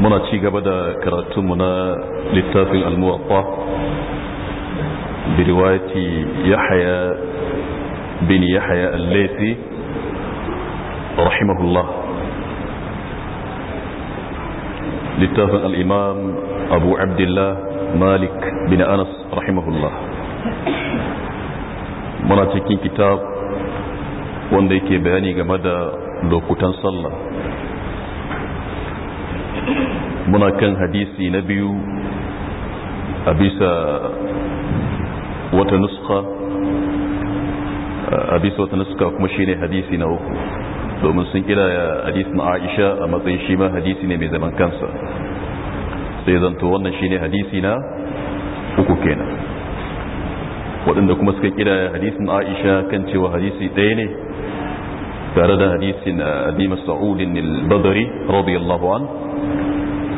muna ci gaba da karatunmu na littafin almuwatta birwati yahaya bin yahaya al-laifi rahimahullah littafin al'imam abu abdullah malik bin anas rahimahullah muna cikin kitab wanda yake bayani game da lokutan sallah muna kan hadisi na biyu a bisa wata nuska a bisa wata nuska kuma shine hadisi na uku domin sun kira hadisin aisha a matsayin shi ma hadisi ne mai zaman kansa sai zanto wannan shine hadisi na uku kenan waɗanda kuma suka kira hadisin aisha kan cewa hadisi ɗaya ne tare da hadisin abi mas'udin al-badri radiyallahu an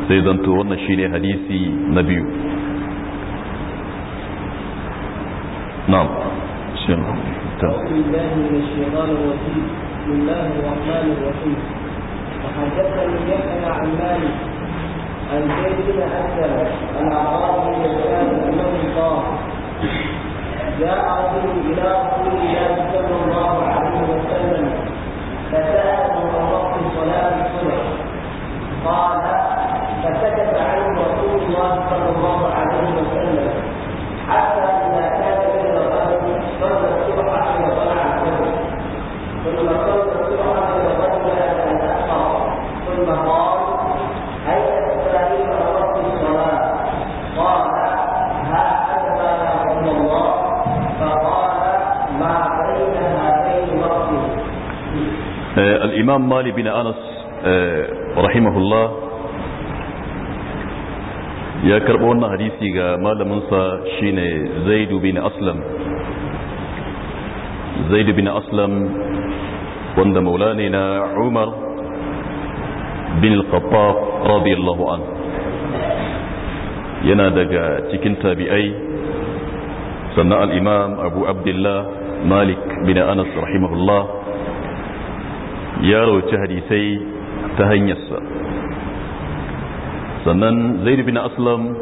sai zanto wannan shine hadisi na biyu na'am shin ta بسم الله الرحمن الرحيم مالك عن عن انه قال جاء رجل الى رسول الله صلى الله عليه وسلم فساله عن وقت صلاه الصبح قال فسكت عن رسول الله صلى الله عليه وسلم حتى إذا كان من الغد صلى الصبح إلى طلع الفجر ثم صلى الصبح إلى قبل أن أشعر ثم قال هيا إسرائيل أردت الصلاة قال ها يا رسول الله فقال ما بين هذين وقتي آه، الإمام مالي بن أنس آه، rahimahullah ya karɓo wannan hadisi ga malaminsa shine zaidu bin aslam zaidu bin aslam wanda maula ne na umar bin al radiyallahu an yana daga cikin tabi'ai sannan al-imam abu abdullah malik bin anas rahimahullah ya rauci hadisai ta hanyarsa sannan zaid bin aslam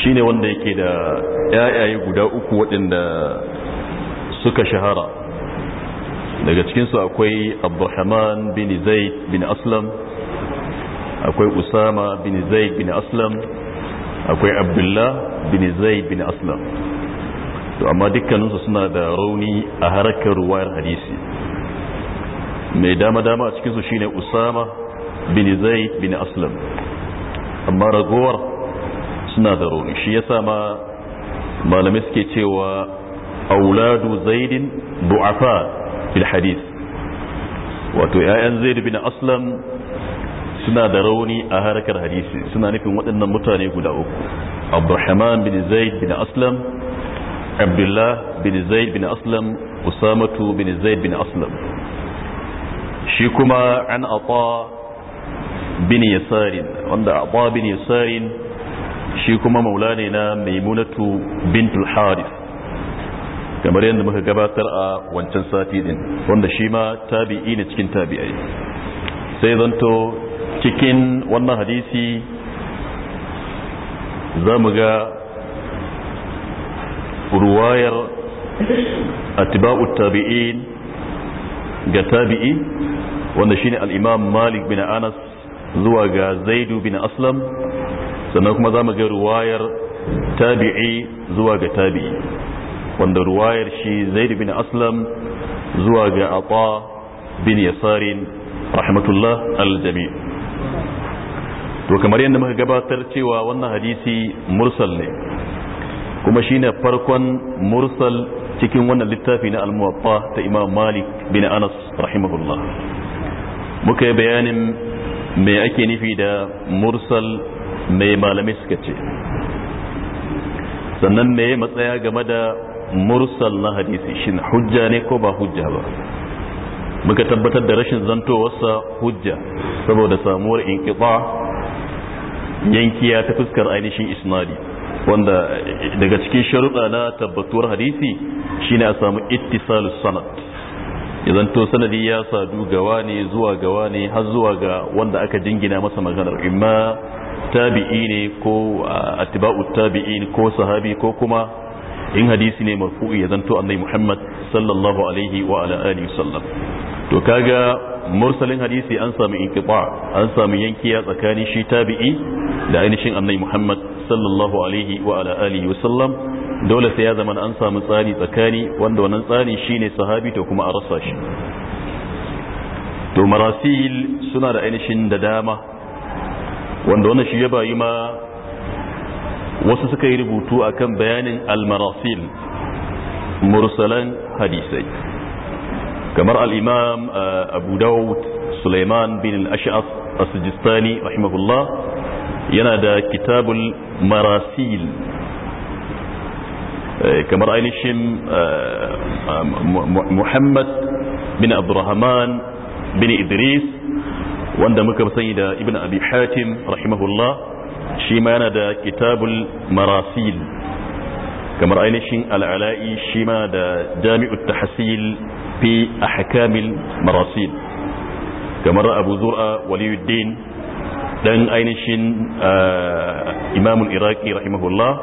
shine wanda yake da yayaye guda uku waɗanda suka shahara daga cikinsu akwai abdurrahman bin zaid bin aslam akwai usama bin zaid bin aslam akwai abdullah bin zaid bin aslam to amma dukkaninsu suna da rauni a harkar ruwayar hadisi mai dama-dama a cikinsu ne usama bin zaid bin aslam amma ragowar suna da rauni shi ya sama malamai suke cewa auladu zaidin du'afa fil hadis wato 'ya'yan zaid bin aslam suna da rauni a harkar hadisi suna nufin waɗannan mutane guda uku abdurrahman bin zaid bin aslam abdullah bin zaid bin aslam usamatu bin zaid bin aslam shi kuma an ata bin yasarin wanda ata bin yasarin shi kuma maula ne na maimunatu bintul harif kamar yadda muka gabatar a wancan sati din wanda shi ma tabi'i ne cikin tabi'ai sai zanto cikin wannan hadisi za mu ga ruwayar atiba'ut tabi'in ga tabi'i wanda shine al-imam malik bin anas zuwa ga zaidu bin aslam sannan kuma za mu ga ruwayar tabi'i zuwa ga tabi'i wanda ruwayar shi zaidu bin aslam zuwa ga ata bin yasarin rahmatullah al-jami' to kamar yadda muka gabatar cewa wannan hadisi mursal ne kuma shine farkon mursal cikin wannan littafi na al-muwatta ta imam malik bin anas rahimahullah muka yi bayanin me ake nufi da mursal mai malamai suka ce sannan me matsaya game da mursal na hadisi shin hujja ne ko ba hujja ba muka tabbatar da rashin zantowarsa hujja saboda samuwar inkiba yankiya ta fuskar ainihin isnadi wanda daga cikin sharuɗa na tabbatuwar hadisi shine a samu ittisalus sanat. idan to sanadi ya sadu gawa ne zuwa gawa ne har zuwa ga wanda aka jingina masa maganar imma tabi'i ne ko atiba'u tabi'in ko sahabi ko kuma in hadisi ne marfu'i ya zanto annabi Muhammad sallallahu alaihi wa ala alihi sallam to kaga mursalin hadisi an samu inqita an samu yankiya tsakanin shi tabi'i da ainihin annabi Muhammad sallallahu alaihi wa ala alihi sallam dole sai ya zama an samu tsari tsakani wanda wannan tsari shine sahabi to kuma a rasa shi to marasil suna da ainihin da dama wanda wannan shi ya bayi ma wasu suka yi rubutu akan bayanin al-marasil mursalan hadisai kamar al-imam eh, abu dawud bin al-ash'af as-sijistani rahimahullah yana da kitabul marasil آه، كما رأينا الشم آه، آه، محمد بن عبد الرحمن بن إدريس وندمك سيدة ابن أبي حاتم رحمه الله شيمان دا كتاب المراسيل كما رأينا الشم العلاء شيما دا جامع التحسيل في أحكام المراسيل كما رأى أبو زرع ولي الدين دان أين الشم إمام العراقي رحمه الله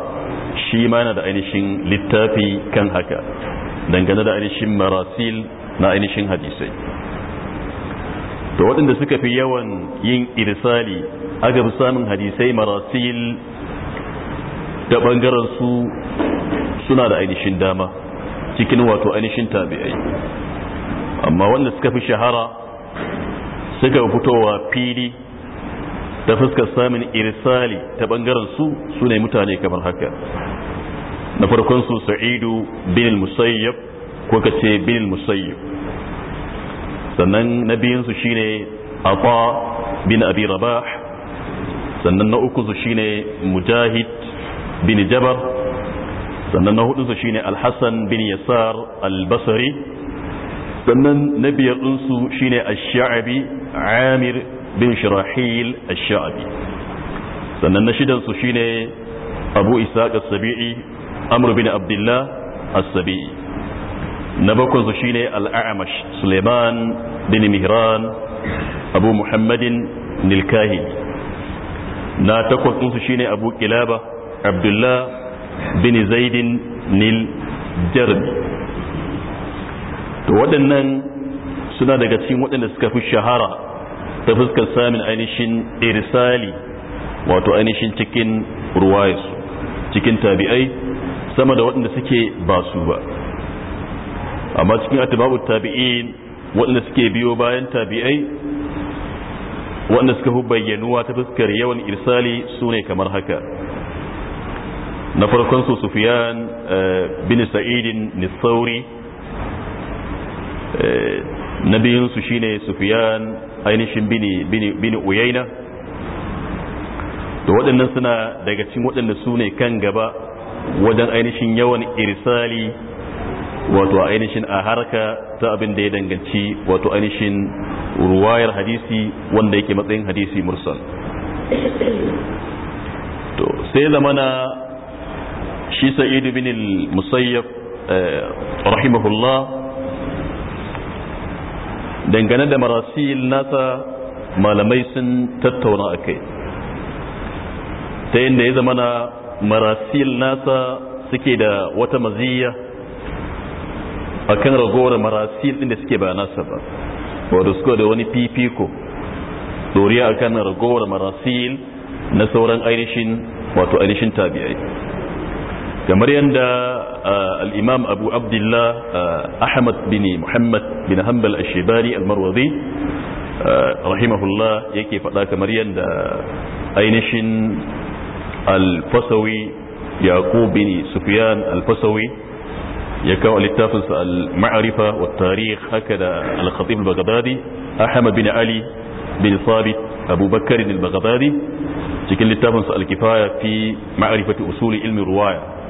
shi ma yana da ainihin littafi kan haka dangane da ainihin marasil na ainihin hadisai da waɗanda suka fi yawan yin irsali aka fi samun hadisai marasil da ɓangaren su suna da ainihin dama cikin wato ainihin tabi'ai amma wanda suka fi shahara suka fitowa fili ta fuskar samun irsali ta bangaren su su ne mutane kamar haka na farkon su sa'idu bin musayyab ko ka ce bin musayyab sannan na biyun su shine ata bin abi rabah sannan na uku su shine mujahid bin jabar sannan na hudu su shine alhassan bin yasar albasari sannan na biyar ɗinsu shine ash-sha'abi amir bin shirahil ash-sha'bi sannan na shidan su shine abu isaq as-sabi'i amr bin abdullah as-sabi'i na bakwai su shine al-a'mash suleiman bin mihran abu muhammadin nilkahi na takwas su shine abu kilaba abdullah bin zaidin nil waɗannan suna daga cikin waɗanda suka fi shahara ta fuskar samun ainihin irisali wato ainihin cikin ruwayarsu cikin tabi'ai sama da waɗanda suke ba su ba amma cikin atibabu tabi'in waɗanda suke biyo bayan tabi'ai waɗanda suka fi bayyanuwa ta fuskar yawan irisali su ne kamar haka na farkon su sufiyan eh, bin sa'idin nisauri eh, na biyunsu shine sufiyan ainihin bini uyaina da waɗannan suna daga cikin waɗanda su ne kan gaba wajen ainihin yawan irsali wato ainihin a harka ta abin da ya danganci wato ainihin ruwayar hadisi wanda yake matsayin hadisi mursal to sai zamana shi sa'idu bin musayyab eh, rahimahullah dangane da marasil nasa malamai sun tattauna a kai ta yadda ya zama na marasil nasa suke da wata maziyya a kan ragowar marasil ɗin da suke ba nasa ba wadda suka da wani fifiko doriya a kan ragowar marasil na sauran ainihin wato ainihin tabi'ai kamar yadda al'imam abu abdullah ahmad bin muhammad bin hanbal ashibari almarwazi rahimahullah yake faɗa kamar yadda ainihin alfasawi yaqub bin sufyan alfasawi ya kawo littafinsa al-ma'arifa wa tarih haka da al-khatib al-baghdadi ahmad bin ali bin sabit abubakar al-baghdadi cikin littafinsa al-kifaya fi ma'arifati usuli ilmi ruwaya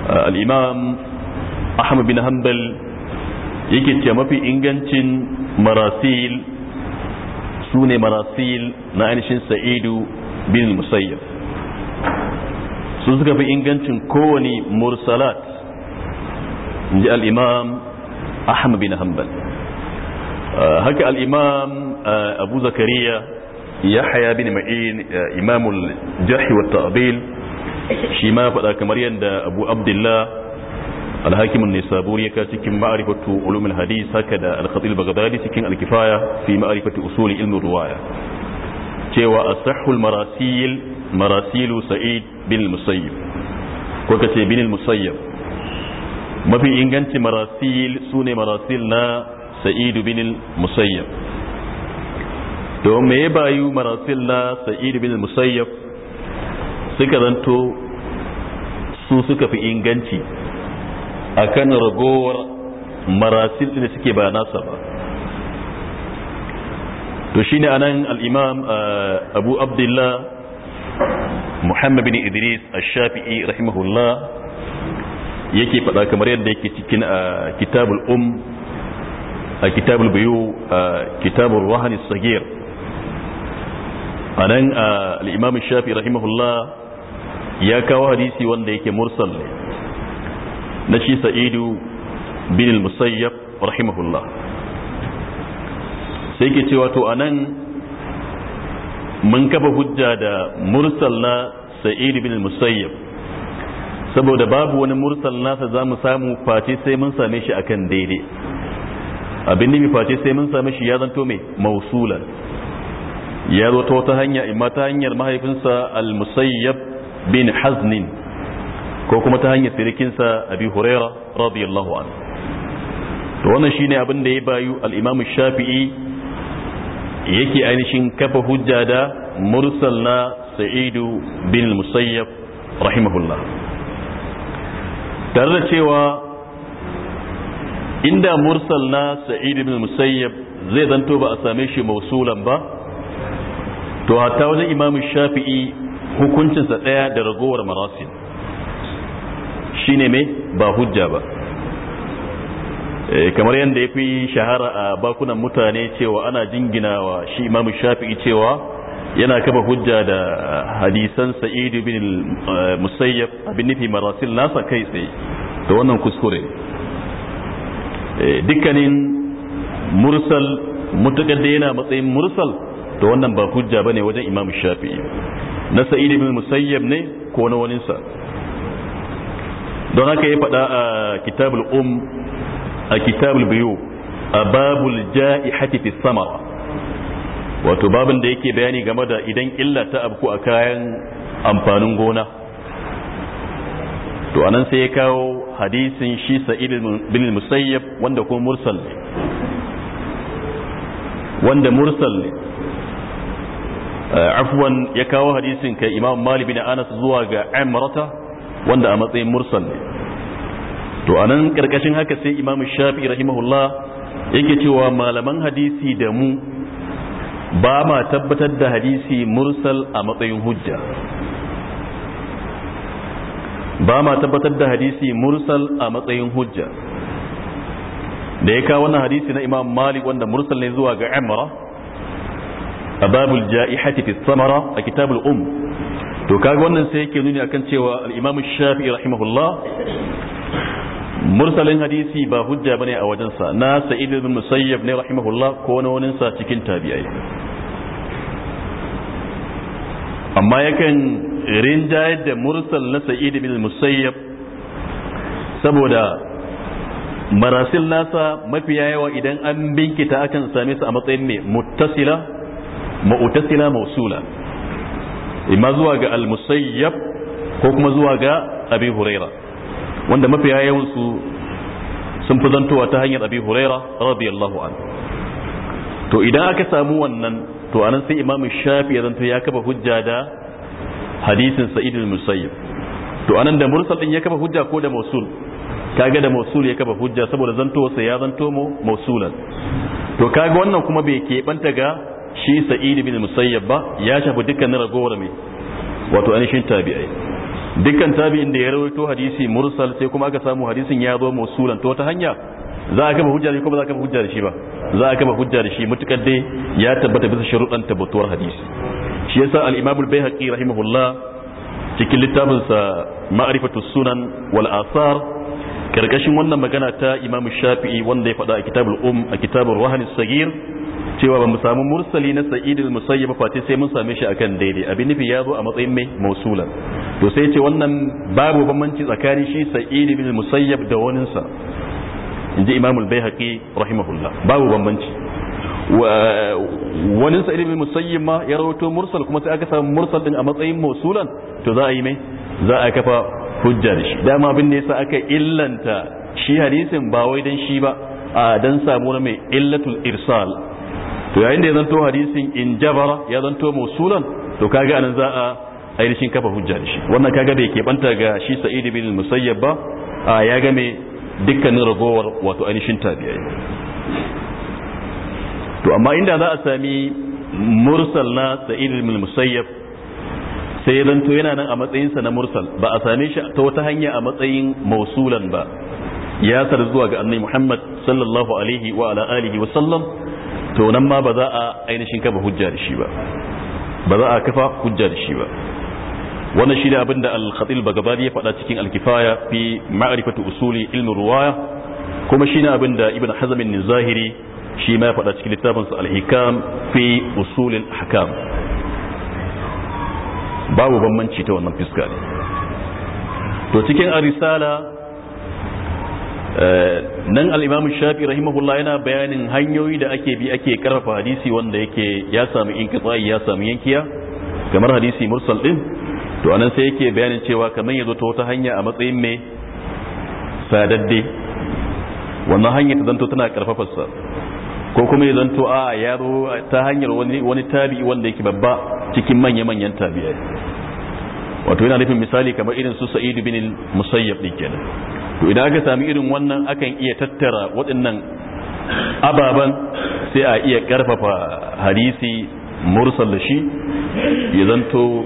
Eh, al'imam ahmad bin hanbal yake ce mafi ingancin marasil su ne marasil na ainihin sa'idu bin musayyaf su suka fi ingancin kowane mursalat in ji al'imam ahmad bin hanbal eh, haka al'imam eh, abu zakariya ya haya bin ma'in imamul jahi wa ta'abil shi ma ya faɗa kamar yadda abu abdullah alhakimin ne saburi ya cikin ma'arifatu ulumin hadis haka da al-khatib cikin alkifaya fi ma'arifatu usuli ilmi ruwaya cewa asahul marasil marasilu sa'id bin musayyib ko kace bin musayyib mafi inganci marasil sune marasil na sa'id bin musayyib to me bayu marasil na sa'id bin musayyib suka zanto su suka fi inganci akan ragowar marasil da suke ba nasa ba to shine anan nan al’imam uh, abu abdullah muhammad bin idris ash-shafi'i rahimahullah yake faɗa kamar yadda yake cikin uh, kitabul um a kitabul a uh, kitabul wahani sagir a nan al'imam shafi rahimahullah ya kawo hadisi wanda yake mursal ne na shi sa'idu bin musayyab rahimahullah sai ke cewa to anan mun kafa hujja da mursal na sa'idu bin musayyab saboda babu wani mursal nasa za mu samu face sai mun same shi akan daidai abin nimi face sai mun same shi ya zanto mai mausulan ya zo ta wata hanya imma ta hanyar mahaifinsa al-musayyab bin haznin ko kuma ta hanyar sirikinsa abi huraira radiyallahu an to wannan shine abin da ya bayu al-imam shafi'i yake ainihin kafa hujja da mursal na sa'idu bin musayyab rahimahullah tare da cewa inda mursal na sa'idu bin musayyab zai zanto ba a same shi mausulan ba to hatta wajen imam shafi'i hukuncinsa ɗaya da ragowar marasin shine mai ba hujja ba eh, kamar yadda ya fi shahara a bakunan mutane cewa ana jingina wa shi imamu shafi'i cewa yana kafa hujja da hadisan sa'idu bin eh, musayyab abin nufi marasil nasa kai tsaye da wannan kuskure eh, dukkanin mursal mutukar yana matsayin mursal to wannan ba hujja bane wajen imamu shafi'i na sa'idi bin musayyab ne ko na waninsa don haka ya faɗa a kitabul um a kitabul biyu a babul ja'ihati fi sama wato babin da yake bayani game da idan illa ta abku a kayan amfanin gona to anan sai ya kawo hadisin shi sa'id bin musayyab wanda kuma mursal ne wanda mursal ne Eh, afwan ya kawo hadisin kai imam malik bin anas zuwa ga amrata wanda a matsayin mursal ne to anan karkashin haka sai imam shafi rahimahullah yake cewa malaman hadisi da mu ba ma tabbatar da hadisi mursal a matsayin hujja ba ma tabbatar da hadisi mursal a matsayin hujja da ya kawo wannan hadisi na imam malik wanda mursal ne zuwa ga amrata a babul ja'ihati fi samara a kitabul um to kaga wannan sai yake nuni akan cewa al-imam shafi'i rahimahullah mursalin hadisi ba hujja bane a sa na sa'id ibn musayyab ne rahimahullah ko na wani sa cikin tabi'ai amma yakan rinjayar da mursal na sa'id ibn musayyab saboda marasil nasa mafiya yawa idan an binkita akan same su a matsayin mai muttasila mu'tasila mausula imma zuwa ga al-musayyab ko kuma zuwa ga abi huraira wanda mafiya yawan su sun fi zantowa ta hanyar abi huraira radiyallahu an to idan aka samu wannan to anan sai imamu shafi ya zanto ya kafa hujja da hadisin sa'id al musayyab to anan da mursal din ya kafa hujja ko da mausul kaga da mausul ya kafa hujja saboda zantowa sai ya zanto mu mausulan to kaga wannan kuma bai keɓanta ga shi sa'id bin musayyab ba ya shafi dukkanin ragowar mai wato anishin tabi'ai dukkan tabi'in da ya rawaito hadisi mursal sai kuma aka samu hadisin ya zo musulan to ta hanya za a kama hujja shi za a kafa hujja da shi ba za a kama hujja da shi mutukar dai ya tabbata bisa sharuɗan tabbatuwar hadisi shi yasa al-imam al-baihaqi rahimahullah cikin littafin sa ma'rifatu sunan wal asar karkashin wannan magana ta imam shafi'i wanda ya faɗa a kitabul um a kitabul wahani sagir cewa ba mu samu mursali na sa'idul musayyib fa sai mun same shi akan daidai abin nufi ya zo a matsayin mai mausulan to sai ce wannan babu bambanci tsakanin shi sa'id ibn musayyib da wani sa inji imam al-baihaqi rahimahullah babu bambanci wani sa'id ibn musayyib ma ya rawato mursal kuma sai aka samu mursal din a matsayin mausulan to za a yi mai za a kafa hujja da shi dama abin da yasa aka illanta shi hadisin ba wai dan shi ba a dan samu mai illatul irsal to yayin da ya zanto hadisin in jabara ya zanto musulan to kaga anan za a ainihin kafa hujja da shi wannan kaga bai banta ga shi sa'id bin musayyab ba a ya game dukkanin ragowar wato ainihin tabi'ai to amma inda za a sami mursal na sa'id bin musayyab sai ya zanto yana nan a matsayin sa na mursal ba a same shi ta wata hanya a matsayin mausulan ba ya sar zuwa ga annabi Muhammad sallallahu alaihi wa ala alihi wa sallam to nan ma ba za a ainihin kafa hujja da shi ba ba za a kafa hujja da shi ba wannan shi ne abin da al-khatil bagabadi ya faɗa cikin al-kifaya fi ma'rifatu usuli ilmi ruwaya kuma shi ne abin da ibn zahiri shi ma ya faɗa cikin littafinsa al-hikam fi usulil hakam babu bambanci ta wannan fiska ne to cikin arisala Eh, nan al'imamu shafi rahimahullah yana bayanin hanyoyi da ake bi ake karfafa hadisi wanda yake ya samu in ya samu yankiya kamar hadisi mursal din to anan sai yake bayanin cewa kamar ya zo ta wata hanya a matsayin mai sadadde wannan hanya ta zanto tana karfafarsa ko kuma ya zanto a ya zo ta hanyar wani tabi'i wanda yake babba cikin manya-manyan tabi'ai wato yana nufin misali kamar irin su sa'idu bin musayyab din kenan to idan aka sami irin wannan akan iya tattara waɗannan ababen sai a iya ƙarfafa hadisi mursal da shi ya zanto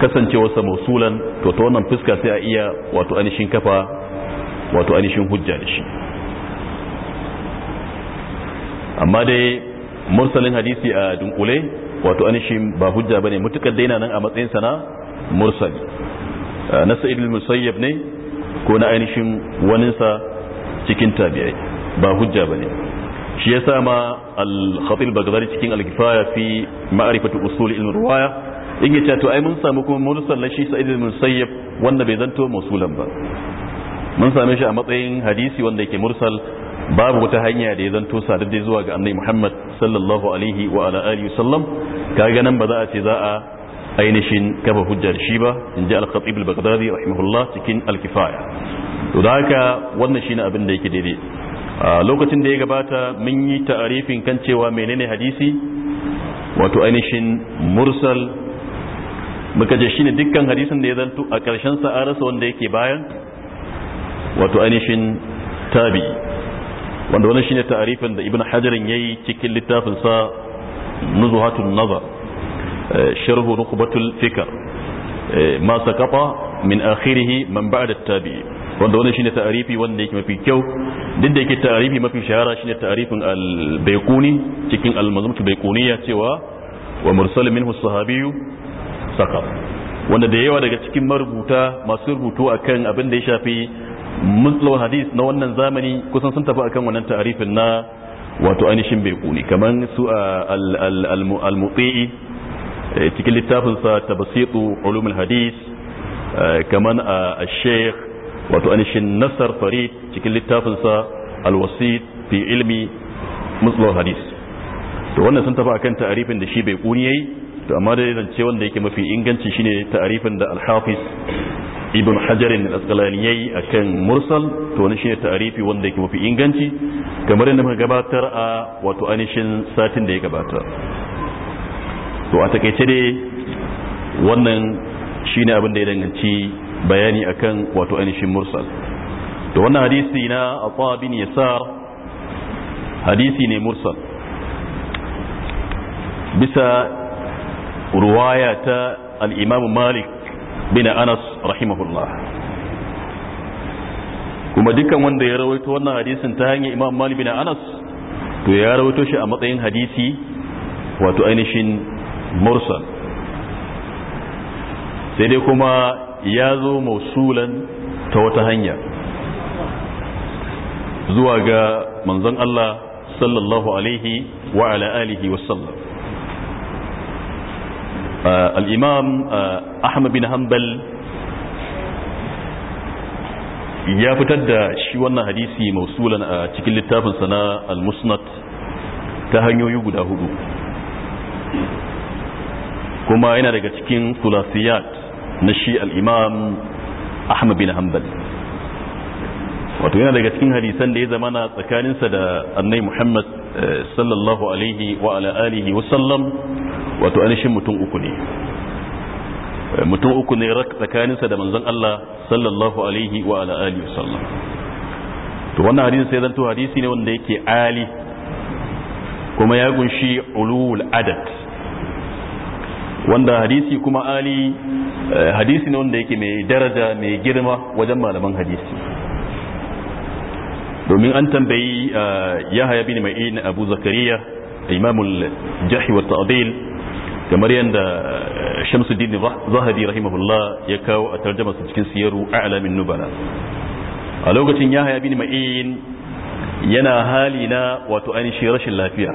kasancewarsa mausulan to ta wannan fuska sai a iya wato anishin kafa wato anishin hujja da shi amma dai mursalin hadisi a dunkule wato anishin ba hujja bane mutukar daina nan a matsayin sana mursali na sa'id al-musayyab ne ko na ainihin waninsa cikin tabi'ai ba hujja ba ne shi ya ma al-khatil bagdadi cikin al-kifaya fi ma'arifatu usul ilmi ruwaya in ya to ai mun samu kuma mursal na shi sa'id ibn wanda bai zanto musulan ba mun same shi a matsayin hadisi wanda yake mursal babu wata hanya da ya zanto sadadde zuwa ga annabi Muhammad sallallahu alaihi wa ala alihi sallam kaga nan ba za a ce za a ainihin kafa hujjar shi ba in ji al-khatib al-baghdadi rahimahullah cikin al-kifaya to da haka wannan shine abin da yake daidai lokacin da ya gabata mun yi ta'arifin kan cewa menene hadisi wato ainihin mursal muka je shine dukkan hadisin da ya zanto a ƙarshen sa an rasa wanda yake bayan wato ainihin tabi wanda wannan shine ta'arifin da ibn hajarin yayi cikin littafin sa nuzuhatun nazar sharhu nuqbatul fikr ma sakata min akhirih man ba'da tabi wanda wani shine ta'arifi wanda yake mafi kyau duk da yake ta'arifi mafi shahara shine ta'arifin al-baiquni cikin al-mazmutul ya cewa wa mursal minhu sahabiyyu sakat wanda da yawa daga cikin marubuta masu rubutu akan abin da ya shafi mutlawar hadis na wannan zamani kusan sun tafi akan wannan ta'arifin na wato ainihin baiquni kaman su al-muti'i Eh, cikin littafinsa tabasitu ulumul hadis eh, kaman eh, a sheikh wato anishin nasar farid cikin littafinsa alwasit fi ilmi muslim hadis to wannan sun tafi akan ta'arifin da shi bai kuni yayi to amma da zance wanda yake mafi inganci shine ta'arifin da alhafiz ibn hajar al-asqalani yayi akan mursal to wannan shine ta'arifi wanda yake mafi inganci kamar yadda muka gabatar a wato anishin satin da ya gabata to a takaice dai wannan ne abin da ya danganci bayani akan wato ainihin mursal to wannan hadisi na atwa bin yasar hadisi ne mursal bisa ruwaya ta al'imam malik bin anas rahimahullah kuma dukkan wanda ya rawaito wannan hadisin ta hanyar imam malik bin anas to ya rawaito shi a matsayin hadisi wato ainihin mursal sai dai kuma ya zo mausulan ta wata hanya zuwa ga manzon Allah sallallahu alaihi wa ala alihi wasallam al'imam ahmad bin hanbal ya fitar da shi wannan hadisi mausulan a cikin littafinsa na al-musnad ta hanyoyi guda hudu kuma yana daga cikin sulasiyat na shi al'imam ahmad bin hanbal wato yana daga cikin hadisan da ya zama na tsakaninsa da annai muhammad eh, sallallahu alaihi wa ala alihi wa sallam wato anishin mutum uku ne eh, mutum uku ne rak tsakaninsa da manzon Allah sallallahu alaihi wa ala alihi wa sallam to wannan hadisi sai zanto hadisi ne wanda yake ali kuma ya kunshi ulul adad wanda hadisi kuma ali eh, hadisi ne wanda yake mai daraja mai girma wajen malaman hadisi domin an tambayi eh, yahaya bin ma'in abu zakariya imamul jahi wa ta'dil kamar yadda eh, shamsuddin zahabi rahimahullah ya kawo a tarjama su cikin siyaru a'lamin nubala a lokacin yahaya bin ma'in yana hali wato ainihin rashin lafiya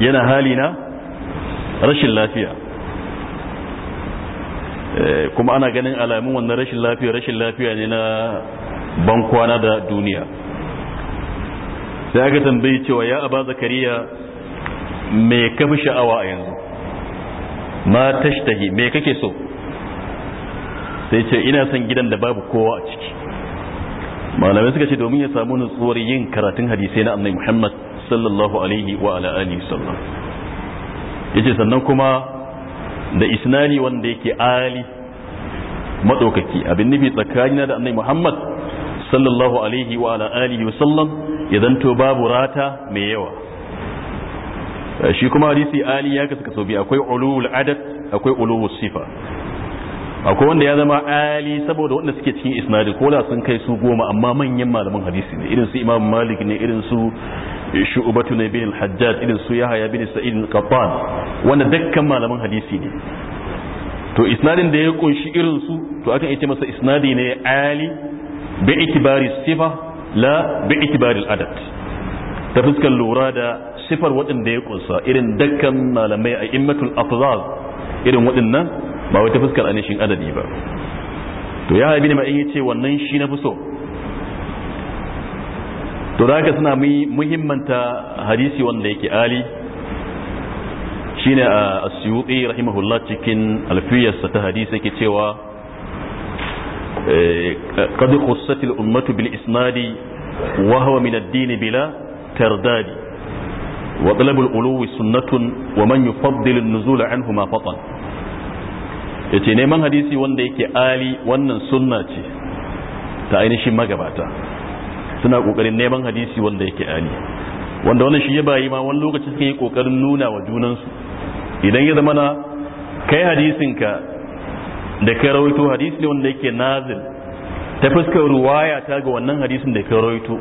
yana hali na rashin lafiya eh, kuma ana ganin alamun wannan rashin lafiya rashin lafiya ne na bankwana da duniya sai aka tambayi cewa ya aba zakariya me ka fi sha'awa a yanzu ma tashtahi me kake so sai ce ina son gidan da babu kowa a ciki malamai suka ce domin ya samu nutsuwar yin karatun hadisai na annabi Muhammad sallallahu alaihi wa ala alihi sallam ce sannan kuma da isnani wanda yake ali madaukaki abin nufi tsakanina da annabi Muhammad sallallahu alaihi wa ala alihi wa sallam ya zanto babu rata mai yawa shi kuma hadisi ali ya gaska kaso biyu akwai ulul adad akwai ulul sifa akwai wanda ya zama ali saboda wanda suke cikin isnadi ko da sun kai su goma amma manyan malaman hadisi ne irin su imam malik ne irin su Eh, shu'ubatu ne bin al-hajjaj irin su yahaya bin sa'id al-qattan wanda dukkan malaman hadisi ne to isnadin da ya kunshi irin su to akan ce masa isnadi ne ali bi itibari sifa la bi itibari adad ta fuskar lura da sifar waɗanda ya kunsa irin dukkan malamai a immatul afzal irin waɗannan ba wai ta fuskar anishin adadi ba to ya habi ne ma in yace wannan shi na fi so to da haka suna muhimmanta hadisi wanda yake ali shine a ah, asyuti rahimahullah cikin alfiyarsa ta hadisi yake cewa eh, qad khussat al ummatu bil isnadi wa huwa min ad-din bila tardadi wa talab al ulwi sunnatun wa man yufaddil an-nuzul anhu ma fatan yace neman hadisi wanda yake ali wannan sunna ce ta ainihin magabata suna kokarin neman hadisi wanda yake ali wanda wannan shi ya bayi ma wani lokaci suke yi kokarin nuna wa junansu idan ya zama na kai hadisinka da ka rawaito hadisi ne wanda yake nazil ta fuskar ruwaya ta ga wannan hadisin da ka rawaito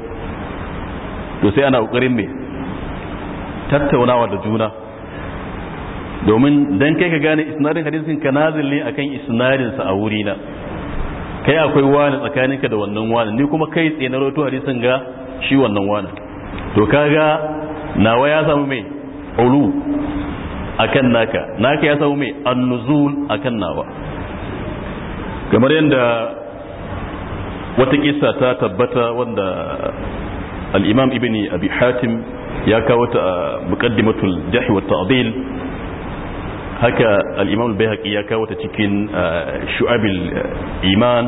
to sai ana kokarin me tattaunawa da juna domin dan kai ka gane isnadin hadisin ka nazil ne akan isnadin sa a wurina kai akwai wani tsakaninka da wannan wani ni kuma kai tsaye na roto hadisin ga shi wannan wani to kaga nawa ya samu mai ulu akan naka naka ya samu mai annuzul akan nawa kamar yadda wata kissa ta tabbata wanda al-imam ibn abi hatim ya kawo ta muqaddimatul jahi wa ta'dil haka al-imam al-bayhaqi ya kawo ta cikin eh, shu'abil iman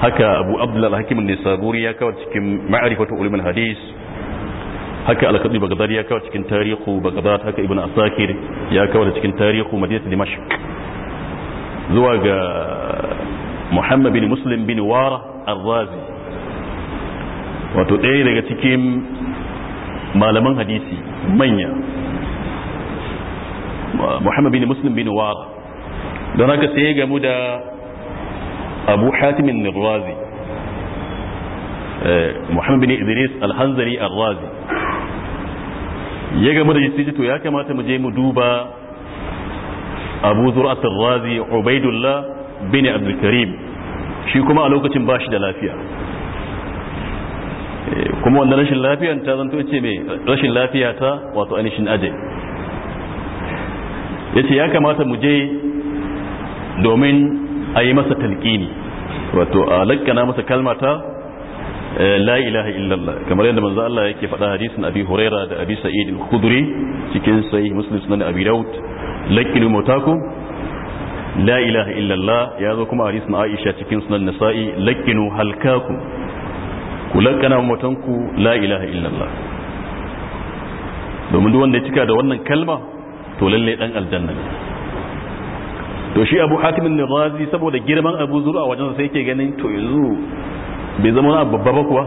haka abu abdullah al-hakim Saburi ya kawo cikin ma'rifatu ulum al-hadis haka al-qadi ya kawo cikin tarihu baghdad haka ibn asakir ya kawo cikin tarihu madinat dimashq zuwa ga muhammad bin muslim bin wara ar-razi wato ɗaya daga cikin malaman hadisi manya muhammad bin muslim bin waq don haka sai ya gamu da abu hatimin nirrazi eh, muhammad bin idris alhanzari arrazi ya gamu da jisiji to ya kamata mu je mu duba abu zur'at razi ubaidullah bin abdulkarim shi kuma a lokacin ba shi da lafiya eh, kuma wanda rashin lafiya ta zanto ce mai rashin lafiya ta wato ainihin ajiye ya ce ya kamata mu je domin a yi masa talƙini wato a lakkana masa kalmata eh, la ilaha illallah kamar yadda manzo Allah yake faɗa hadisin abi huraira da abi sa'id al-khudri cikin sahih muslim sunan abi daud lakkinu mutakum la ilaha illallah ya zo kuma hadisin aisha cikin sunan nasa'i lakkinu halkaku ku lakkana mutanku la ilaha illallah domin duk wanda ya cika da wannan kalma to lalle dan aljanna to shi abu hatim nirazi saboda girman abu zuru a wajen sai yake ganin to yanzu bai zama wani babba ba kuwa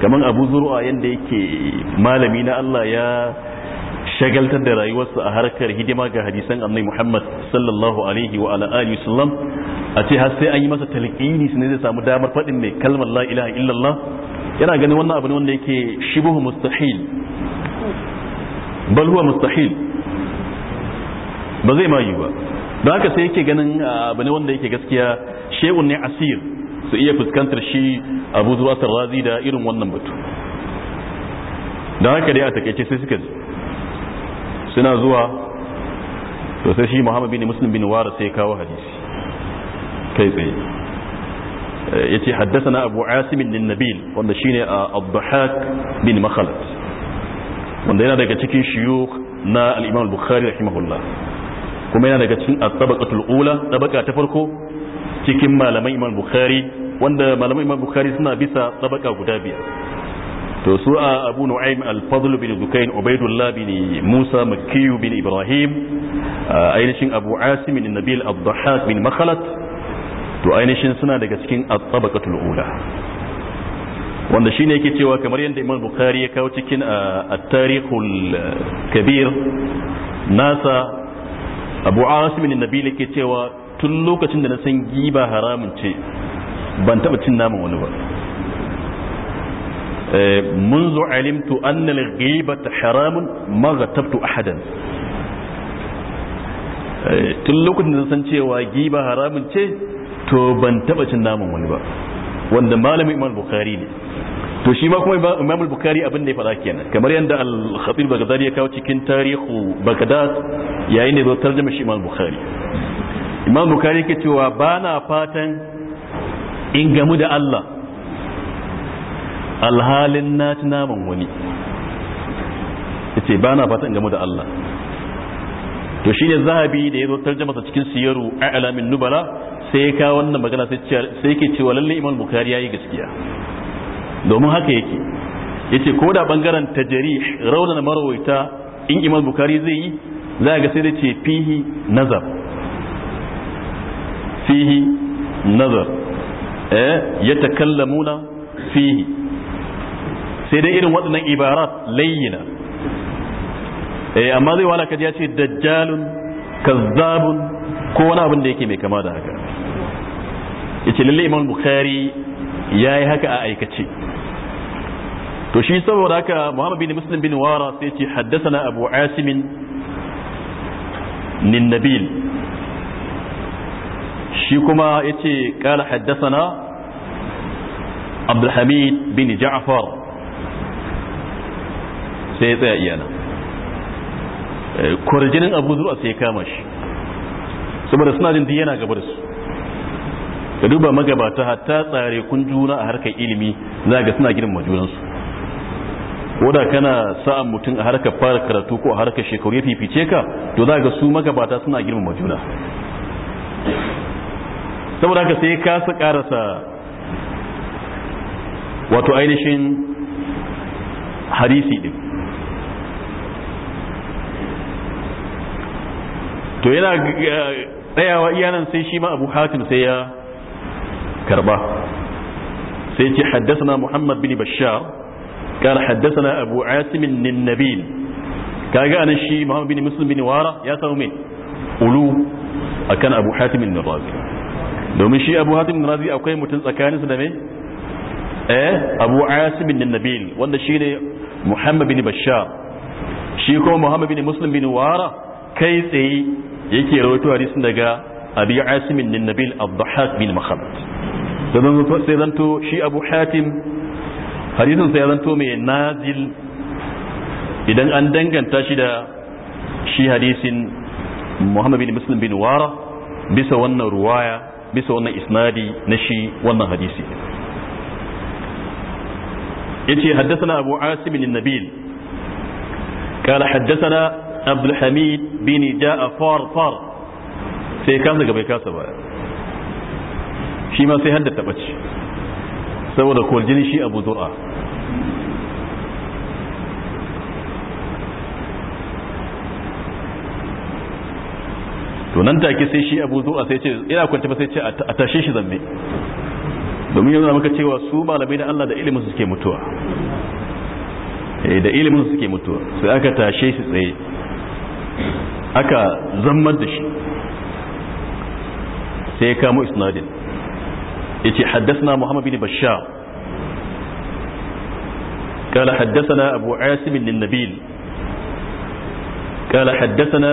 kamar abu zuru a yanda yake malami na Allah ya shagaltar da rayuwarsa a harkar hidima ga hadisan annai muhammad sallallahu alaihi wa ala alihi sallam a ce har sai an yi masa talqini ne zai samu damar faɗin mai kalmar la ilaha illallah yana ganin wannan abu ne wanda yake shibuhu mustahil bal huwa mustahil ba zai ma yi ba don haka sai yake ganin ah, abu ne wanda yake gaskiya shehu ne asir su iya fuskantar shi abu zuwa sarrazi da irin wannan batu don haka dai a takaice sai suka ji suna zuwa to sai shi muhammad bin muslim bin wara sai kawo hadisi kai tsaye eh, ya ce haddasa na abu asimin din nabil wanda shine a ah, abduhak bin makhalat wanda yana daga cikin shiyu na al'imam bukhari rahimahullah kuma yana daga cikin asabaqatul ula tabaka ta farko cikin malamai imam bukhari wanda malamai imam bukhari suna bisa tabaka guda biyar to su a abu nu'aym al-fadl bin dukayn ubaydullah bin musa makkiyu bin ibrahim ainihin abu asim bin nabil ad bin makhalat to ainihin suna daga cikin asabaqatul ula wanda shine yake cewa kamar yadda imam bukhari ya kawo cikin at-tarikhul eh, kabir nasa abu asimin nabi ke cewa tun lokacin da na san giba haramun ce ban taba cin naman wani ba منذ علمت أن الغيبة حرام ما غتبت ahadan eh, tun lokacin da san cewa giba haramun ce to ban taba cin naman wani ba wanda malamin imam bukhari ne to shi ma kuma imam al-bukhari abin da ya fada kenan kamar yadda al-khatib baghdadi ya kawo cikin tarihu baghdad yayin da ya zo tarjuma shi imam bukhari imam bukhari yake cewa ba na fatan in gamu da Allah alhalin na ci naman wani yace ba na fatan in gamu da Allah to shine zahabi da ya zo tarjuma sa cikin siyaru a'lamin nubala sai ya kawo wannan magana sai yake cewa lalle imam bukhari yayi gaskiya domin haka yake yace ko da bangaren tajari raunana marwaita in imam bukari zai yi za ga sai da ce fihi nazar fihi nazar eh ya takallamuna fihi sai dai irin waɗannan ibarat layyina eh amma zai wala kaji ya ce dajjalun kazzabun ko wani abin da yake mai kama da haka yace lalle imam bukari yayi haka a aikace to shi saboda haka muhammad bin muslim bin wara sai ce na abu asimin nin nabil shi kuma ya ce kala na abdulhamid bin ja'afar sai ya tsaya iyana eh, kwarjinin abu zuwa sai ya kama shi saboda suna jin yana gabar su ka duba magabata hatta tsare kun juna a harkar ilimi za ga suna girma majunansu koda kana sa'an mutum a harkar fara karatu ko a harkar shekaru ya fifice ka to za ga su magabata suna girmama juna saboda haka sai ka sa karasa wato ainihin harisi din to yana eh, tsayawa iyanan sai shi ma abu hatim sai ya karba sai ce haddasa na muhammad bin bashar قال حدثنا أبو عاصم النبيل قال أنا شي محمد بن مسلم بن وارة يا سومين أولو أكان أبو حاتم الرازي domin shi abu hatim razi akwai mutum tsakaninsu da mai abu asim nabil wanda shi muhammad bin bashar shi kuma muhammad bin muslim bin wara kai tsaye yake rawaito hadisin daga abi asim bin nabil abdahak bin muhammad sai zanto shi abu hatim hadisin sai ya zanto mai nazil idan an danganta shi da shi hadisin muhammad bin muslim bin wara bisa wannan ruwaya bisa wannan isnadi na shi wannan hadisi yace haddathana abu asim bin nabil قال حدثنا عبد الحميد bin جاء فار فار sai kasa gaba kasa baya shi ma sai haddata bace saboda kuwar jini shi abu zura to nan take sai shi abu zuwa sai ce ina kwanci ba sai ce a tashe shi zambe domin yanzu muka cewa su malamai da Allah da ilimin su suke mutuwa eh, da ilimin su suke mutuwa sai aka tashe shi tsaye aka zammar da shi sai ya kamo isnadin yace haddasna muhammad bin bashar قال حدثنا أبو عاصم النبيل قال حدثنا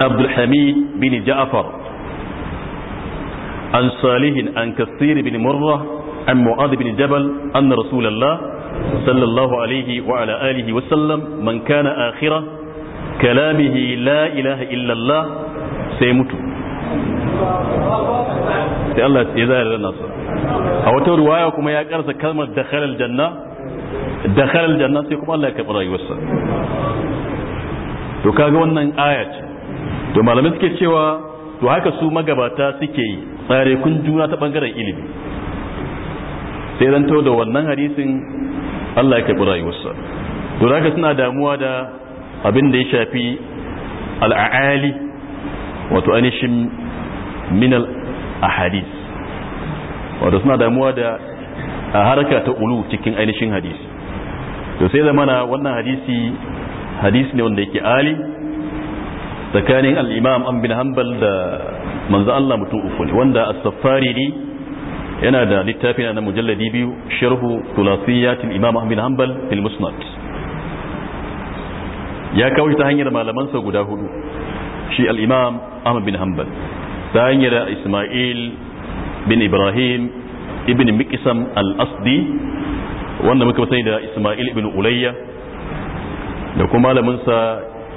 عبد الحميد بن جعفر عن صالح عن كثير بن مرة عن معاذ بن جبل أن رسول الله صلى الله عليه وعلى آله وسلم من كان آخرة كلامه لا إله إلا الله سيموت sai Allah ya zai da nasa a wata ruwaya kuma ya karsa kalmar da da khalal janna sai kuma Allah ya karɓi rayuwarsa to kaga wannan aya ce to malamai suke cewa to haka su magabata suke yi tsare kun juna ta bangaren ilimi sai zan to da wannan hadisin Allah ya karɓi rayuwarsa to haka suna damuwa da abin da ya shafi al'ali wato anishin min al ahadis wato suna damuwa da a harka ta ulu cikin ainihin hadisi to sai zamana wannan hadisi hadisi ne wanda yake ali tsakanin al'imam an bin hanbal da manzo Allah mutum uku ne wanda a safari ne yana da littafi na mujalladi biyu sharhu Tulasiyatin imam an bin hanbal fil musnad ya kawo ta hanyar malamansa guda hudu shi al'imam ahmad bin hanbal ta hanyar ismail bin ibrahim ibn miqsam al-asdi wanda muka sani da isma'il ibn ulayya da kuma malaminsa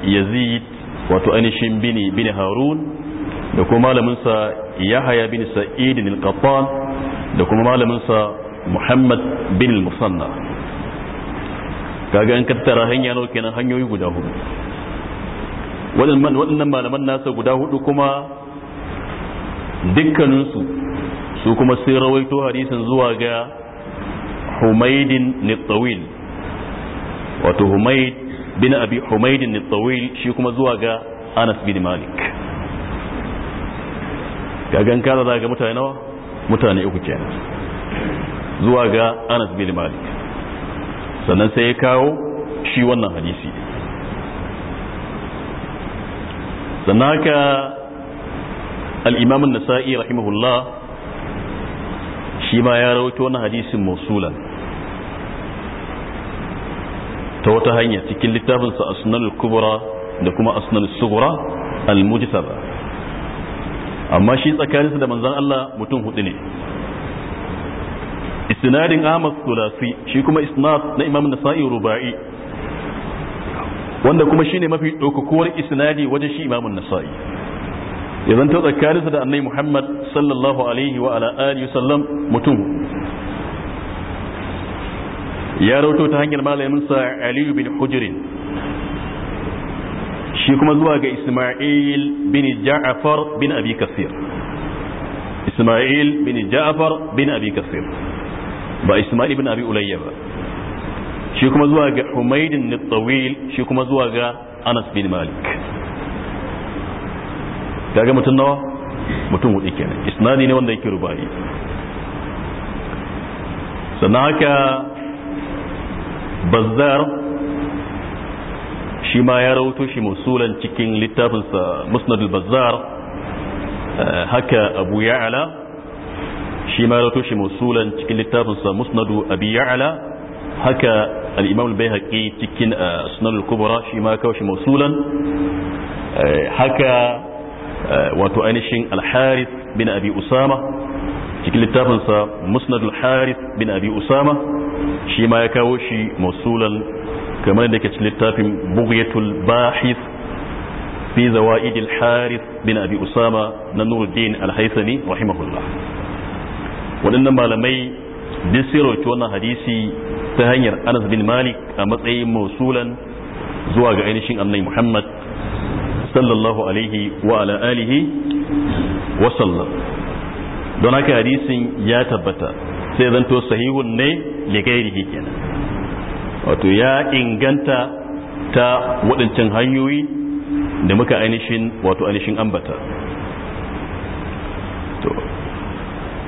yazid wato ainihin bini bin harun da kuma malaminsa yahaya bin sa'id al-qattan da kuma malaminsa muhammad bin musanna kaga an kattara hanya nawa kenan hanyoyi guda hudu waɗannan malaman nasa guda hudu kuma dukkaninsu su kuma sun rawaito hadisin zuwa ga humaidin nittawil wato humaid bin abi humaidin nittawil shi kuma zuwa ga anas bin malik gagan kaza za ga mutane nawa mutane uku kenan zuwa ga anas bin malik sannan sai ya kawo shi wannan hadisi sannan haka al-imam an-nasa'i rahimahullah shi ma ya rawaito wani hadisin mausulan ta wata hanya cikin littafinsa a sunan kubra da kuma a sunan sugura al-mujtaba amma shi tsakaninsa da manzan Allah mutum hudu ne isnadin Ahmad Sulasi shi kuma isnad na Imam Nasa'i Ruba'i wanda kuma shine mafi ɗaukakuwar isnadi waje shi Imam Nasa'i idan ta tsakaninsa da Annabi Muhammad sallallahu alaihi wa ala alihi sallam mutum ya rawato ta hanyar malamin sa Ali bin hujirin shi kuma zuwa ga Isma'il bin Ja'far bin Abi Kasir Isma'il bin Ja'far bin Abi Kasir ba Isma'il bin Abi Ulayya ba shi kuma zuwa ga Humayd bin shi kuma zuwa ga Anas bin Malik kaga mutum nawa mutum hudu kenan isnadi ne wanda yake rubai sannan haka Bazar shi ma ya rawato shi musulan cikin littafinsa musnad Bazar eh, haka abu ya'ala shi ma rawato shi musulan cikin littafinsa musnadu abi ya'ala haka al-imam al-baihaqi cikin eh, sunan al-kubra shi ma kawo shi musulan eh, haka Eh, wato ainihin alharis bin abi usama cikin littafinsa musnad al bin abi usama shi ma ya kawo shi mausulan kamar da ke cikin littafin bughyatul bahis fi zawaid al bin abi usama na nuruddin al-haythami rahimahullah waɗannan malamai duk sai wannan hadisi ta hanyar anas bin malik a matsayin mausulan zuwa ga ainihin annabi muhammad sallallahu alaihi wa ala alihi wa don haka hadisin ya tabbata sai zanto sahihun ne ligairihi وتو wato ya inganta ta waɗancan hanyoyi da muka ainihin wato ainihin ambata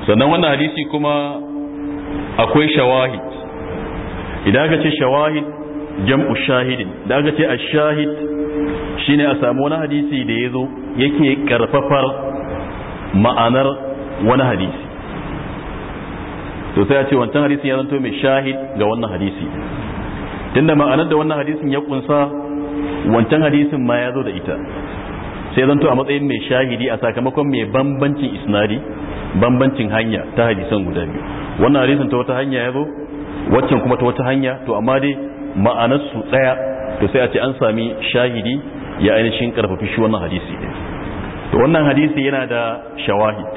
sannan wannan hadisi kuma akwai shawahid idan aka ce shawahid jam'u shahidin da aka ce shahid. ne a samu wani hadisi da ya zo yake karfafar ma'anar wani hadisi sosai a ce wancan hadisin ya zanto mai shahid ga wannan hadisi tunda ma'anar da wannan hadisin ya kunsa wancan hadisin ma ya zo da ita sai zanto a matsayin mai shahidi a sakamakon mai bambancin isnadi bambancin hanya ta hadisan guda biyu wannan hadisin ta wata hanya ya zo waccan kuma ta wata hanya to amma dai ma'anarsu ɗaya to sai a ce an sami shahidi ya ainihin karfafi shi wannan hadisi ne to wannan hadisi yana da shawahid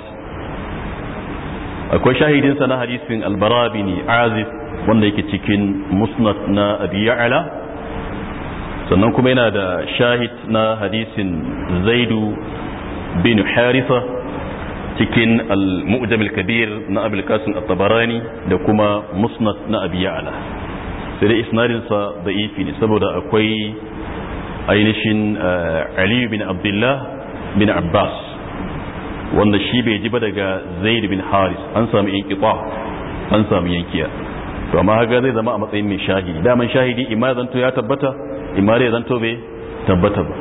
akwai shahidinsa na hadisin albara bin azif wanda yake cikin musnad na abi sannan kuma yana da shahid na hadisin zaidu bin harisa cikin al-mu'jam al-kabir na abul qasim at-tabarani da kuma musnad na abi sai dai isnadinsa sa da'ifi ne saboda akwai ainihin eh, aliyu bin abdullah bin abbas wanda shi bai ji ba daga zaid bin haris an samu yankiwa an samu yankiya to amma haka zai zama a matsayin mai shahidi daman shahidi imma zanto ya tabbata imma zan zanto bai tabbata ba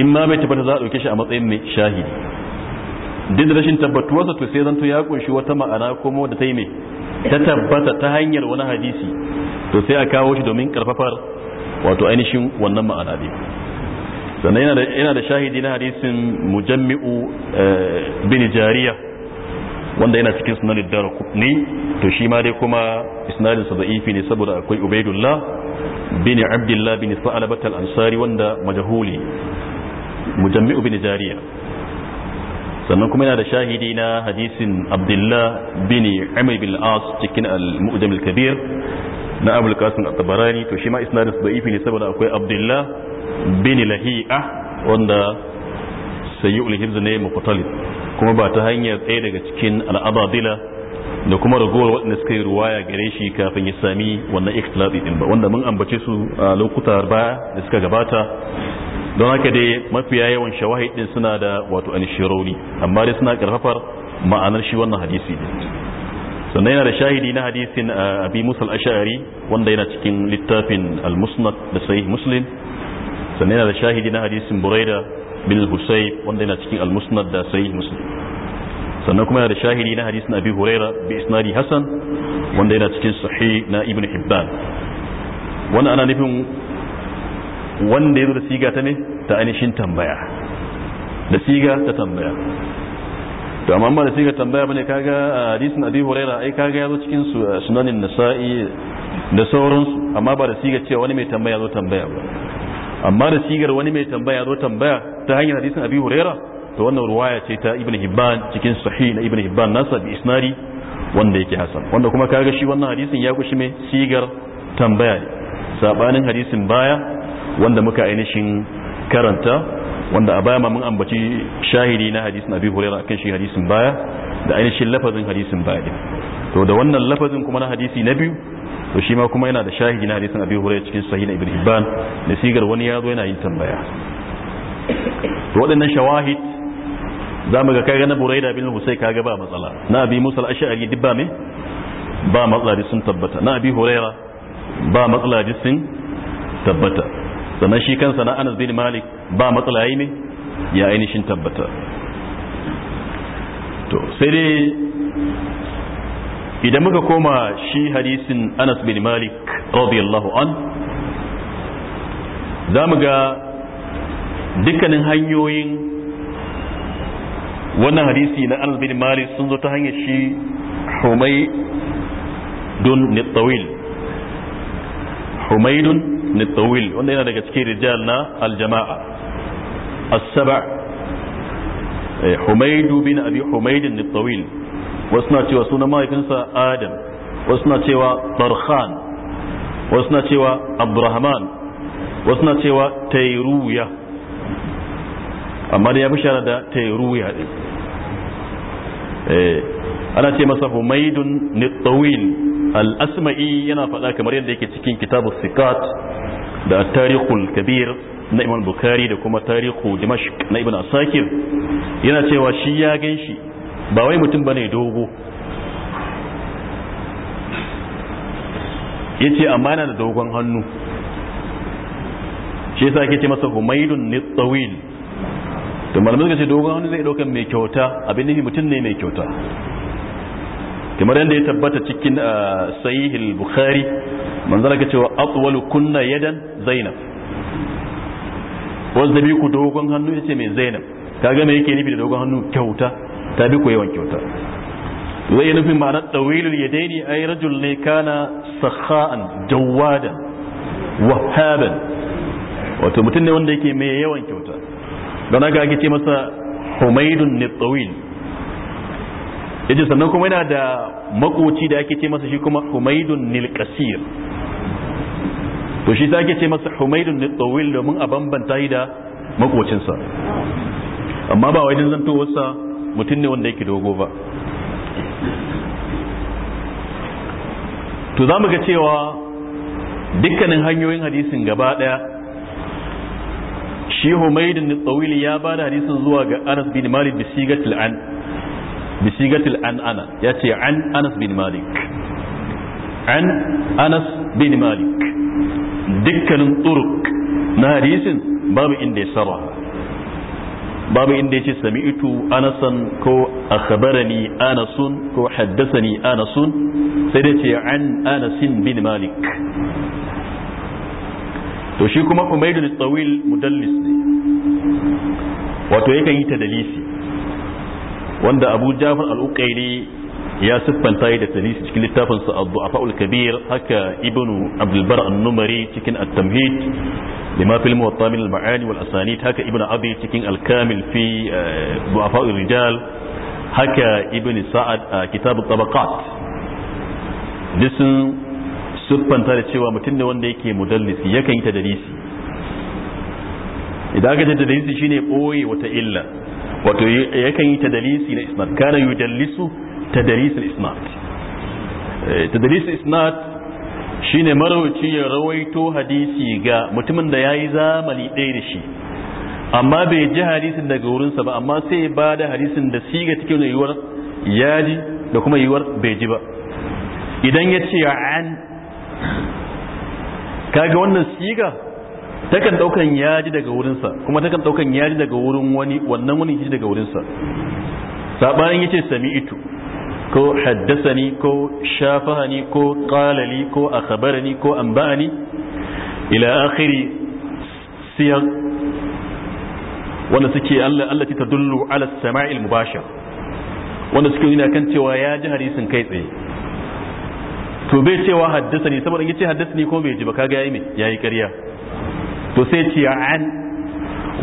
in ma bai tabbata za a ɗauke shi a matsayin mai shahidi duk da rashin tabbatuwarsa to sai zanto ya kunshi wata ma'ana kuma da ta yi mai ta tabbata ta hanyar wani hadisi to sai a kawo shi domin karfafar wato ainihin wannan ma'ana ne sannan yana da shahidi na hadisin mujammi'u eh, bin jariya wanda yana cikin sunanin dara to shi ma dai kuma isnadin sa za'ifi ne saboda akwai ubaidullah bin abdullah bin sa'alabat al-ansari wanda majahuli mujammi'u bin jariya sannan kuma yana da shahidi na hadisin abdullah bin amir bin as cikin al-mu'jam al-kabir na abul qasim at-tabarani to shi ma isnadin da'ifi ne saboda akwai abdullah bin lahi'a wanda sayyul hibz ne muqtalib kuma ba ta hanyar ɗaya daga cikin al'abadila da kuma ragowar waɗanda suka yi ruwaya gare shi kafin ya sami wannan ikhtilafi din ba wanda mun ambace su a lokuta baya da suka gabata don haka dai mafiya yawan shawahid din suna da wato anishironi amma dai suna karfafar ma'anar shi wannan hadisi sannan yana da shahidi na hadisin uh, abi musul ashari wanda yana cikin littafin al-musnad da sahih muslim sannan yana da shahidi na hadisin buraida bin husay wanda yana cikin al-musnad da sahih muslim sannan kuma yana da shahidi na hadisin abi huraira bi isnadi hasan wanda yana cikin sahih na ibn hibban wannan ana nufin wanda ya zo da siga ta ne ta ainihin tambaya da siga ta tambaya to amma ba da sai ka tambaya bane kaga ah, hadisin abi huraira ai kaga yazo cikin ah, sunanin nasa'i da sauransu amma ba da siga cewa wani mai tambaya zo tambaya ba amma da sigar wani mai tambaya zo tambaya ta hanyar hadisin abi huraira to wannan ruwaya ce ta ibn hibban cikin sahih na ibn hibban nasa bi isnari wanda yake hasan wanda kuma kaga shi wannan hadisin ya kushi mai sigar tambaya ne sabanin hadisin baya wanda muka ainihin karanta wanda a baya ma mun ambaci shahidi na hadisin abi hurairah akan shi hadisin baya da ainihin lafazin hadisin baya din to da wannan lafazin kuma na hadisi na biyu to shi ma kuma yana da shahidi na hadisin abi hurairah cikin sahih ibn hibban da sigar wani yazo yana yin tambaya to waɗannan shawahid za mu ga kaga na buraida bin ka kaga ba matsala na abi musa al-ash'ari dibba ba me ba matsala sun tabbata na abi hurairah ba matsala sun tabbata sannan shi kansa na anas bin malik ba matsala yayi ne ya ainihin tabbata to sai dai idan muka koma shi hadisin Anas bin Malik radiyallahu an za mu ga dukkanin hanyoyin wannan hadisi na Anas bin Malik sun zo ta hanyar shi Humay dun Nittawil Humaydun Nittawil wanda yana daga cikin rijal na aljama'a as-saba bin abi humayd al wasu na cewa sunan mahaifinsa adam wasu na cewa tarkhan wasu na cewa abdurrahman wasu na cewa tairuya amma da ya fi shara da tairuya ana ce masa humaydun nittawil al-asma'i yana faɗa kamar yadda yake cikin kitabu sikat da tarihul kabir na imam bukari da kuma tarihu dimashik na ibn asakir yana cewa shi ya gan shi ba wai mutum bane dogo yace amma yana da dogon hannu shi yasa ke ce masa humaydun nitsawil to malamai ga ce dogon hannu zai daukan mai kyauta abin nufi mutum ne mai kyauta kamar yadda ya tabbata cikin ah, sahih al-bukhari manzala ka cewa atwalu kunna yadan zainab wanda bi ku dogon hannu ce mai zainab kaga me yake nufi da dogon hannu kyauta ta bi ku yawan kyauta zai yi nufin ma'anar ɗawilul ya daini a yi rajul ne kana sakha'an jawadan wahaban wato mutum ne wanda yake mai yawan kyauta don haka ake ce masa humaidun ne ya ce sannan kuma yana da makoci da ake ce masa shi kuma humaidun nil kasir to shi take ce masa humaidun ne tsawil domin a bambanta yi da makocinsa amma ba wai zanto wasa mutum ne wanda yake dogo ba to za mu ga cewa dukkanin hanyoyin hadisin gaba daya shi humaidun ne tsawil ya ba da hadisin zuwa ga anas bin malik bisigatil an bisigatil an ana ya ce an anas bin malik an anas bin malik dukkanin turuk na hadisin babu inda ya saba babu inda ya ce sami'tu anasan ko akhbarani anasun ko haddasani anasun sai da ce an anasin bin malik to shi kuma umaydul tsawil mudallis ne wato yakan yi tadalisi wanda abu jafar al ya siffanta yi da tanisi cikin littafin sa abu a kabir haka ibnu abdulbar annumari cikin at-tamhid lima fil muwatta min al-ma'ani haka ibnu abi cikin al-kamil fi eh, du'afa'ir haka ibnu sa'ad a eh, kitab at-tabaqat disin cewa mutum ne wanda yake mudallisi yakan yi tadalisi idan aka shine boye wata illa wato yakan yi tadalisi na isnad kana yudallisu tadaris al-isnad tadaris isnad shine marawaci ya rawaito hadisi ga mutumin da yayi zamani ɗaya da shi amma bai ji hadisin daga wurinsa ba amma sai ba da hadisin da siga cikin yiwuwar ya ji da kuma yiwuwar bai ji ba idan ya ce an kaga wannan siga takan daukan ya ji daga wurinsa kuma takan daukan ya ji daga wurin wani wannan wani ji daga wurinsa sabanin ya ce sami ito ko haddasani ko shafahani ko qalali ko akhbarani ko anba'ani ila akhiri siyan. wanda suke Allah Allah ta dullu ala sama'il mubashir wanda suke nuna kan cewa ya ji hadisin kai tsaye to bai cewa haddasani saboda yace haddasani ko bai ji ba kaga yayi me yayi ƙarya to sai ce an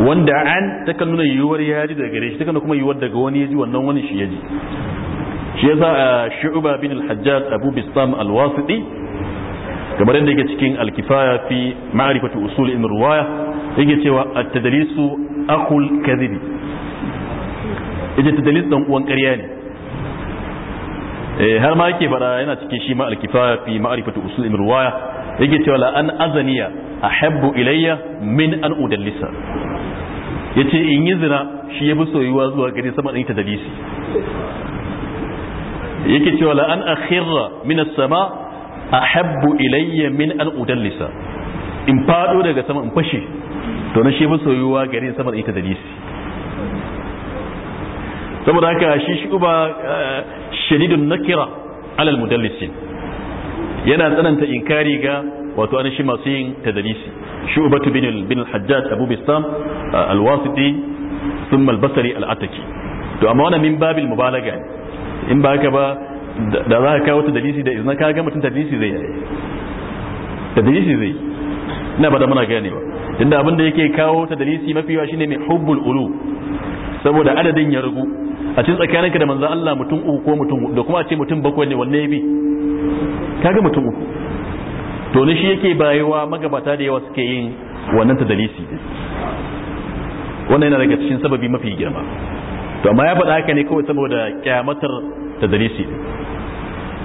wanda an takan nuna yiwuwar ya ji daga gare shi ta takan kuma yiwuwar daga wani ya ji wannan wani shi ya ji shi yasa uh, shu'ba bin al-hajjaj abu bisam al-wasiti kamar yadda yake cikin al-kifaya fi ma'rifati usul in ruwaya yake cewa at-tadlisu akhul kadhibi yace tadlis dan uwan ƙarya ne eh, har ma yake fara yana cikin shi ma al-kifaya fi ma'rifati usul in ruwaya yake cewa la an azaniya ahabbu ilayya min an udallisa yace in yi zina shi ya fi soyuwa zuwa gare sama dan tadlisi yake cewa la an akhirra min as-sama ahabbu ilayya min an udallisa in fado daga sama in fashe to na shi fi soyuwa gare sama da ita saboda haka shi shi uba eh, shadidun nakira alal mudallisin yana tsananta inkari ga wato an shi masu yin tadalisi shi uba tu bin al-hajjaj abu bisam eh, al-wasiti thumma al-basri al-ataki to amma wannan min babil mubalaga ne in ba haka ba da za ka kawo ta dalisi da izina ka ga mutum dalisi zai yi da dalisi zai ina ba da muna gane ba tunda abin da yake kawo ta dalisi mafi yawa shine mai hubbul ulu saboda adadin ya rugu a cikin tsakaninka da manzo Allah mutum uku ko mutum da kuma a ce mutum bakwai ne wanne bi kaga mutum uku to ne shi yake bayewa magabata da yawa suke yin wannan ta dalisi wannan yana daga cikin sababi mafi girma to amma ya faɗa haka ne kawai saboda kyamatar da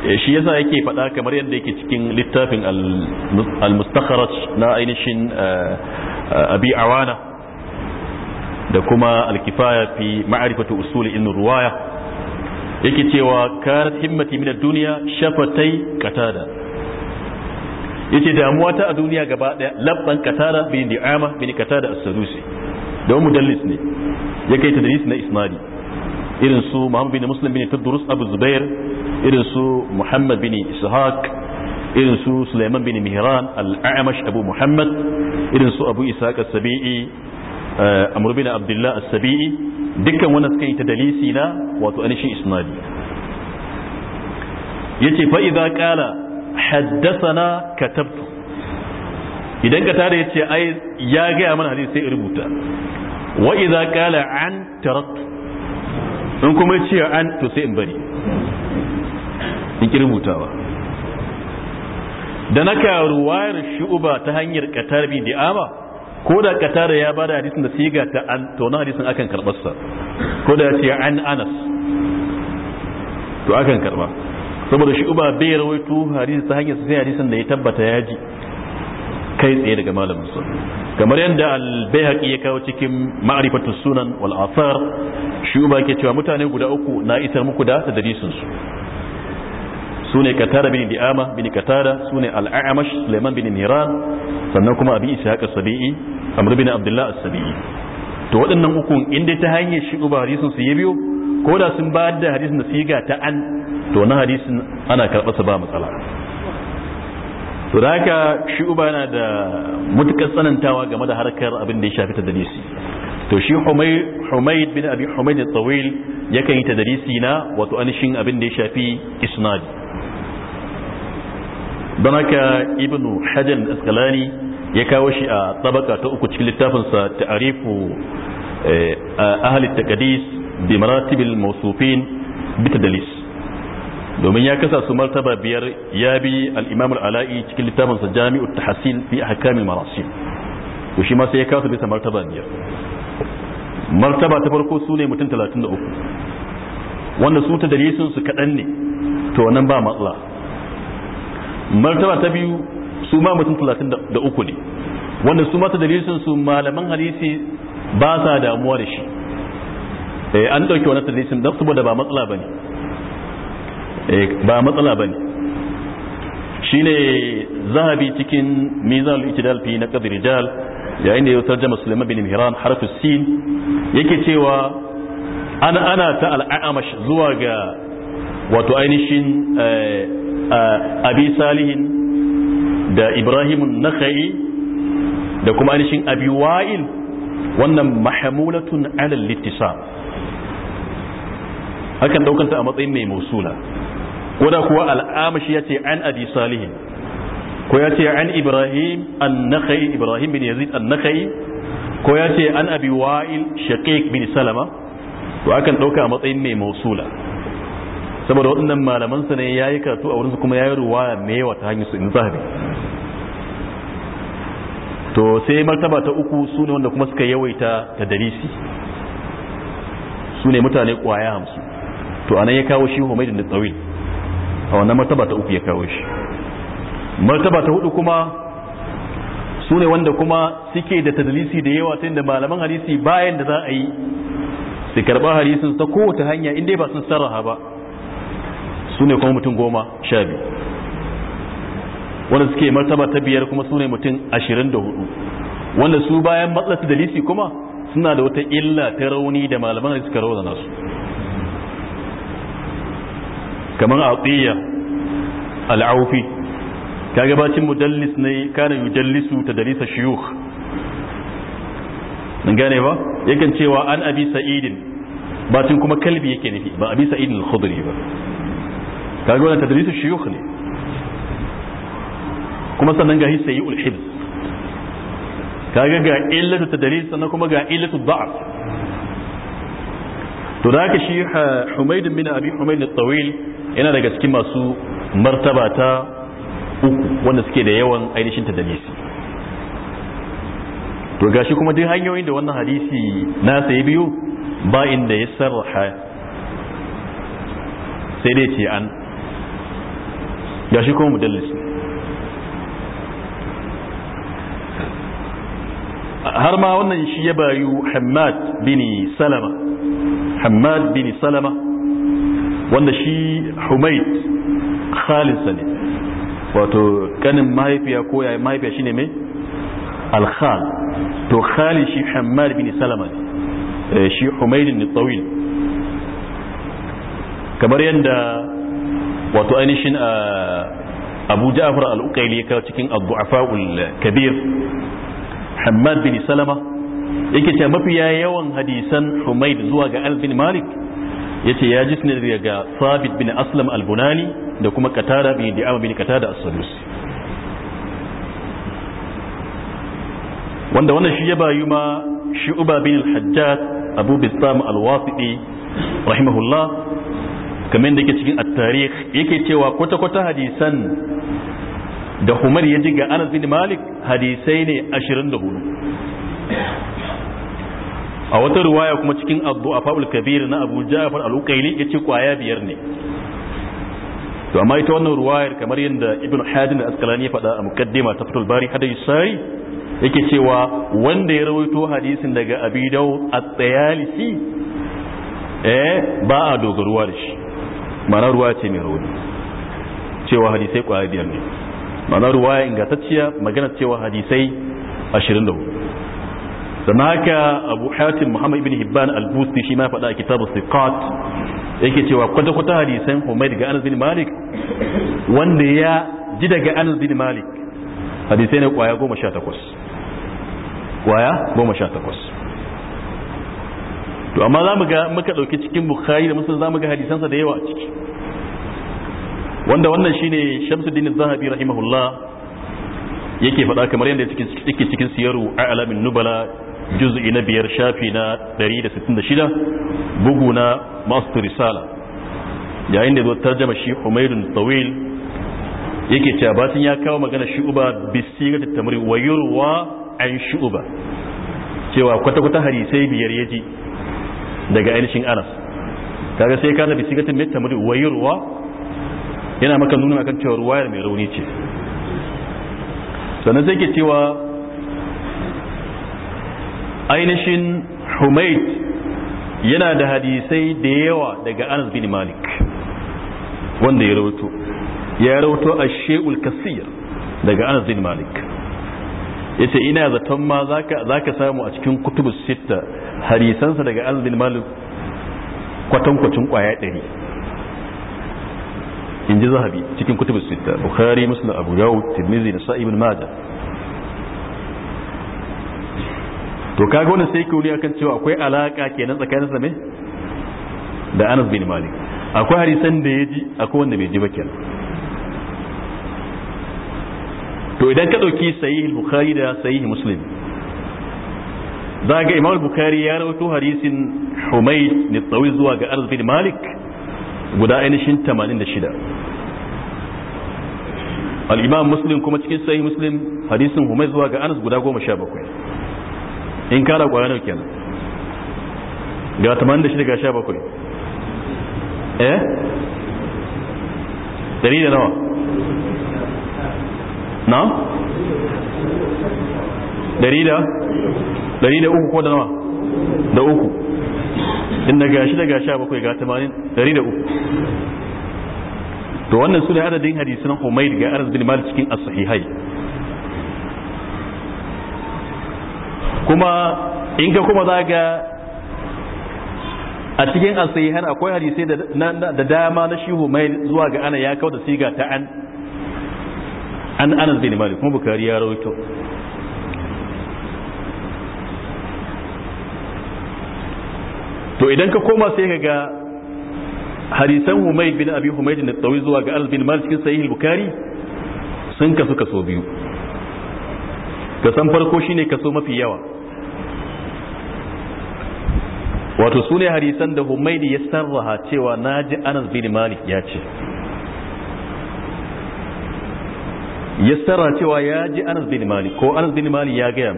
eh, shi yasa yake faɗa kamar yadda yake cikin littafin al-mustakharaj na ainihin eh, abi awana da kuma al-kifaya fi ma'rifatu usul in ruwaya yake cewa karat himmati min ad-dunya shafatai qatada yace damuwa ta a duniya gaba daya labban qatada bi di'ama bi qatada as-sadusi don mudallis ne ya kai tadris na isnadi irin su muhammad bin muslim bin tadrus abu zubair irin su muhammad bin ishaq irin su suleiman bin mihran al-a'mash abu muhammad irin su abu ishaq as-sabi'i eh, amr bin abdullah as-sabi'i dukkan wannan suka yi tadlisi na wato anishi isnadi yace fa idza qala haddathana katabtu idan ka tada yace ai ya gaya mana hadisi sai in rubuta wa idza qala an taraktu in kuma yace an to sai in bari in ki rubutawa da naka ruwayar shu'uba ta hanyar qatar bi di'ama ko da qatar ya bada hadisin da siga ta an to na hadisin akan karbar sa ko da yace an anas to akan karba saboda shu'uba bai rawaito hadisi ta hanyar sai hadisin da ya tabbata ya ji kai tsaye daga malam su kamar yadda al ya kawo cikin ma'rifatu sunan wal athar shi ba ke cewa mutane guda uku na isar muku da tadrisin su sune katara bin di'ama bin katara sune al-a'mash sulaiman bin niran sannan kuma abi ishaq as-sabi'i amr bin abdullah as-sabi'i to waɗannan ukun inda ta hanyar shi ba hadisin su ya biyo ko da sun ba da hadisin da siga ta an to na hadisin ana karɓa su ba matsala to da haka shi uba yana da mutukar tsanantawa game da harkar abin da ya shafi tadalisi to shi humaid bin abi humaid ya yakan yi tadalisi na wato anishin abin da ya shafi isnad don haka ibnu hajan askalani ya kawo shi a tabaka ta uku cikin littafinsa ta'arifu eh, ahli taqdis bi maratibil mawsufin bi domin ya kasa su martaba biyar ya bi al-imam alai cikin littafin sa jami'ut tahsil fi ahkam al-marasim to shi ma ya kasa bisa martaba biyar martaba ta farko su ne mutum 33 wanda su ta dalisin su kaɗan ne to nan ba matsala martaba ta biyu su ma mutum 33 ne wanda su ma ta dalisin su malaman hadisi ba sa damuwa da shi eh, an ɗauki wani dalisin don saboda ba matsala ba ne Eh, ba matsala ba ne shi ne zahabi cikin mizan al fi na qadri rijal yayin da ya tarjama Sulaiman bin Mihran harfu sin yake cewa ana ana ta al'amash zuwa ga wato ainihin eh, eh, abi salihin da ibrahim nakhai da kuma ainihin abi wa'il wannan mahamulatun alal littisa Hakan daukanta a matsayin mai musula koda kuwa al'amashi ya ce an abi salihin ko ya ce an ibrahim an-nakhai ibrahim bin yazid an-nakhai ko ya ce an abi wa'il shaqiq bin salama to akan ɗauka a matsayin mai mausula saboda waɗannan malaman sa ne yi karatu a wurinsu kuma yayi ruwaya mai yawa ta hanyar su in zahabi to sai martaba ta uku su ne wanda kuma suka yawaita tadrisi su ne mutane kwaya hamsin to anan ya kawo shi Humaydin da Tawil a wannan martaba ta uku ya kawo shi martaba ta hudu kuma su ne wanda kuma suke da tadlisi da yawa ta da malaman hadisi bayan da za a yi su karba hadisin ta kowace hanya inda ba sun sarraha ba su ne kuma mutum goma sha biyu wanda suke martaba ta biyar kuma su ne mutum ashirin da hudu wanda su bayan matsa dalisi kuma suna da wata illa ta rauni da malaman hadisi suka raunana su kamar atiya al'aufi kage bacin mudallis ne kana yujallisu tadarisa shuyukh mun gane ba yakan cewa an abi sa'idin bacin kuma kalbi yake nufi ba abi sa'idin al-khudri ba kage wannan tadarisa shuyukh ne kuma sannan ga hisayi ul-hibs kage ga illatu tadarisa sannan kuma ga illatu da'f to da ka shi humaid min abi humaid al-tawil yana daga cikin masu martaba ta uku wanda suke da yawan ainihin ta dalisi to gashi kuma duk hanyoyin da wannan hadisi nasa ya biyu ba inda ya sarraha sai dai ce an gashi kuma mudallis har ma wannan shi ya bayu hamad bin salama hamad bin salama wanda shi humaid khalisa ne wato kanin mahaifiya ko yayin mahaifiya ne mai alkhal to khali shi hammar bin salama ne eh, shi humaidin ne tsawil kamar yadda wato ainihin eh, abu ja'afar al ya cikin abu kabir hammad bin salama yake ce mafiya yawan hadisan humaid zuwa ga albin malik yace ya ji sunan daga sabit bin aslam al-bunani da kuma katara bin di'ama bin katada as-sadusi wanda wannan shi ya bayu ma shi uba bin al-hajjaj abu bisam al-wasiti rahimahullah kamar da yake cikin at-tarikh yake cewa kwata kwata hadisan da humar ya ji ga Anas bin Malik hadisai ne 24 a wata ruwaya kuma cikin abu a fa'ul kabir na abu ja'far al ya ce kwaya biyar ne to amma ita wannan ruwayar kamar yadda ibn hadin al-asqalani ya faɗa a mukaddima ta fatul bari hadai sai yake cewa wanda ya rawaito hadisin daga abidau a tsayalisi eh ba a dogaruwa da shi ma'ana ruwa ce mai rauni cewa hadisai kwaya biyar ne ma'ana ruwaya ingantacciya magana cewa hadisai ashirin hudu sannan haka abu hatim muhammad ibn hibban al-busti shi ma faɗa a kitabu siqat yake cewa kwata-kwata hadisan humaid ga anas bin malik wanda ya ji daga anas bin malik hadisai ne kwaya goma sha takwas kwaya goma sha takwas to amma za mu ga muka ɗauki cikin bukhari da musulun za mu ga hadisansa da yawa a ciki wanda wannan shine shamsuddin zahabi rahimahullah yake faɗa kamar yadda yake cikin siyaru a alamin nubala juz'i na biyar shafi na 166 bugu na masu risala yayin da zo tarjama shi umairun tawil yake cewa batun ya kawo magana shu'uba bisiga da tamri wa yurwa an shu'uba cewa kwata-kwata hari sai biyar yaji daga ainihin anas kaga sai kana bisiga ta mai tamri wa yurwa yana maka nuna akan cewa ruwayar mai rauni ce sannan sai ke cewa ainihin Humait yana da hadisai da yawa daga anas bin malik wanda ya rawato ya rawato a she'ul kasir daga anas bin malik ya ce ina zaton ma za ka samu a cikin kutubus sitta hadisansa daga anas bin malik kwatankwacin kwaya ɗari in ji zahabi cikin kutubus sitta bukhari muslim abu yawon tirmizi da sa'ibin majah to kaga wannan sai kauli akan cewa akwai alaka kenan tsakanin sa ne da Anas bin Malik akwai harisan da yaji akwai wanda bai ji ba kenan to idan ka dauki sahih bukhari da sahih muslim za ga imam bukhari ya rawaito hadisin humayd ne tsawi zuwa ga Anas bin Malik guda ainihin 86 al-imam muslim kuma cikin sahih muslim hadisin humayd zuwa ga anas guda goma sha bakwai in kara kwaya nau kenan ga 86 ga 17 eh dari da nawa na dari da dari da uku ko da nawa da uku inda ga shi daga sha bakwai ga tamanin dari da uku to wannan su ne adadin hadisan Humayd ga arzikin bin Malik cikin as-sahihai kuma in ka kuma za ga a cikin asihan akwai hadisai da dama na shi mai zuwa ga ana ya kawo da siga ta an an zai ne malik kuma bukari ya rawaito to idan ka koma sai ka ga hadisan humaid bin abi humaid da tsawi zuwa ga anas bin malik cikin sahih bukari sun kasu kaso biyu san farko shine kaso mafi yawa wato su ne harisan da Humaini ya sarraha cewa na ji anas bin malik ya ce ya sarra cewa ya ji anas bin malik ko anas bin malik ya gaya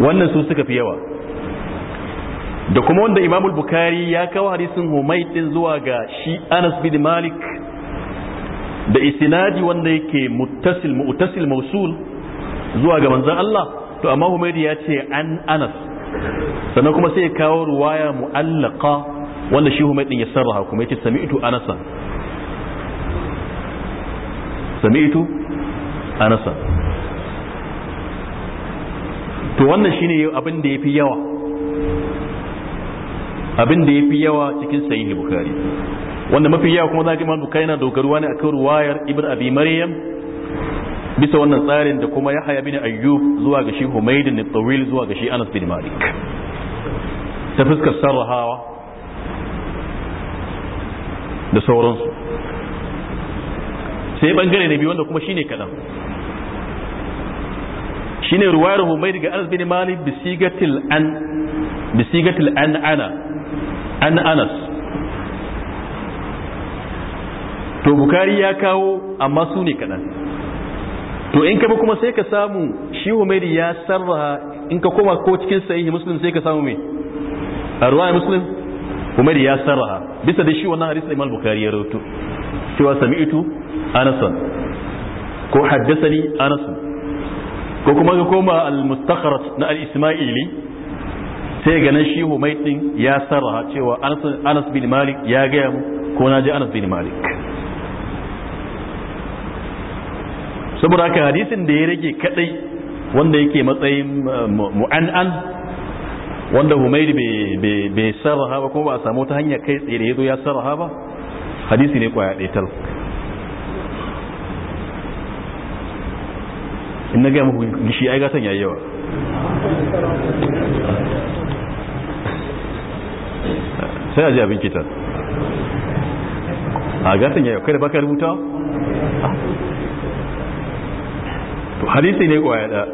wannan su suka fi yawa da kuma wanda imamul bukari ya kawo hadisin Humaini zuwa ga shi anas bin malik da istinadi wanda yake muttasil mu'tasil mausul zuwa ga manzon Allah to amma Humaydi ya ce an Anas sannan kuma sai ya kawo ruwaya mu'allaqa wanda shi Humaydi ya sarraha kuma yace sami'tu Anasa sami'tu Anasa to wannan shine abin da yafi yawa abin da yafi yawa cikin sahihi Bukhari wanda mafi yawa kuma zaki imam bukai na dogaruwa ne akan ruwayar ibn abi maryam bisa wannan tsarin da kuma ya haya bin ayyub zuwa ga shi humaydin ne tawil zuwa ga shi anas bin malik ta fuskar sarrahawa da sauransu sai bangare na biyu wanda kuma shine kadan shine ruwayar humayd ga anas bin malik bisigatil an bisigatil an ana an anas to bukari ya kawo amma su ne kaɗan to in ka bi kuma sai ka samu shi umairi ya sarraha in ka koma ko cikin sahihi muslim sai ka samu me a ruwaya muslim umairi ya sarraha bisa da shi wannan hadisi imam bukari ya rawaito cewa sami'tu anasan ko haddathani anasan ko kuma ka koma al-mustakharat na al-isma'ili sai ganin shi humay ya sarraha cewa anas bin malik ya gaya mu ko na ji anas bin malik saboda haka hadisin da ya rage kadai wanda yake matsayin uh, mu'an'an wanda humairi bai sarraha ba kuma ba a samu ta hanyar kai tsaye da ya zo ya sarraha ba hadisi ne kwaya ɗaya tal in na gaya muku gishi ai gatan yayi yawa sai a ji abin kita a gatan yayi kai da baka rubuta to hadisi ne kwaya da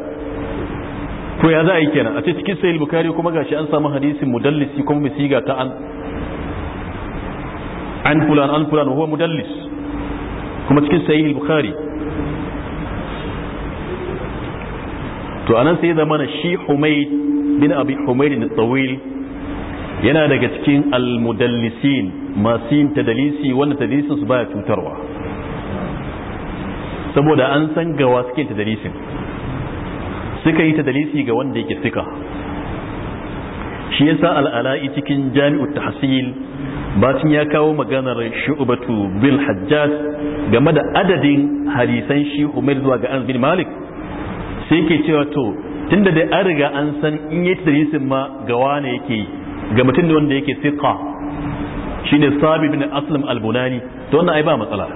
to ya za a yi kenan a ce cikin sahih bukhari kuma gashi an samu hadisin mudallisi kuma mai siga ta an an fulan an fulan huwa mudallis kuma cikin sahih bukhari to anan sai zamana shi humayd bin abi humayd da tawil yana daga cikin al almudallisin masu yin tadalisi wanda tadalisin su baya cutarwa saboda an san gawa suke tadalisin suka yi tadalisi ga wanda yake suka shi ya yasa al'ala'i cikin jami'ut tahsil bacin ya kawo maganar shu'batu bil hajjaj game da adadin hadisan shi umar zuwa ga bin malik sai ke cewa to tunda da an riga an san in yi tadalisin ma gawa ne yake yi ga mutum wanda yake sika shine sabi bin aslam al-bunani to wannan ai ba matsala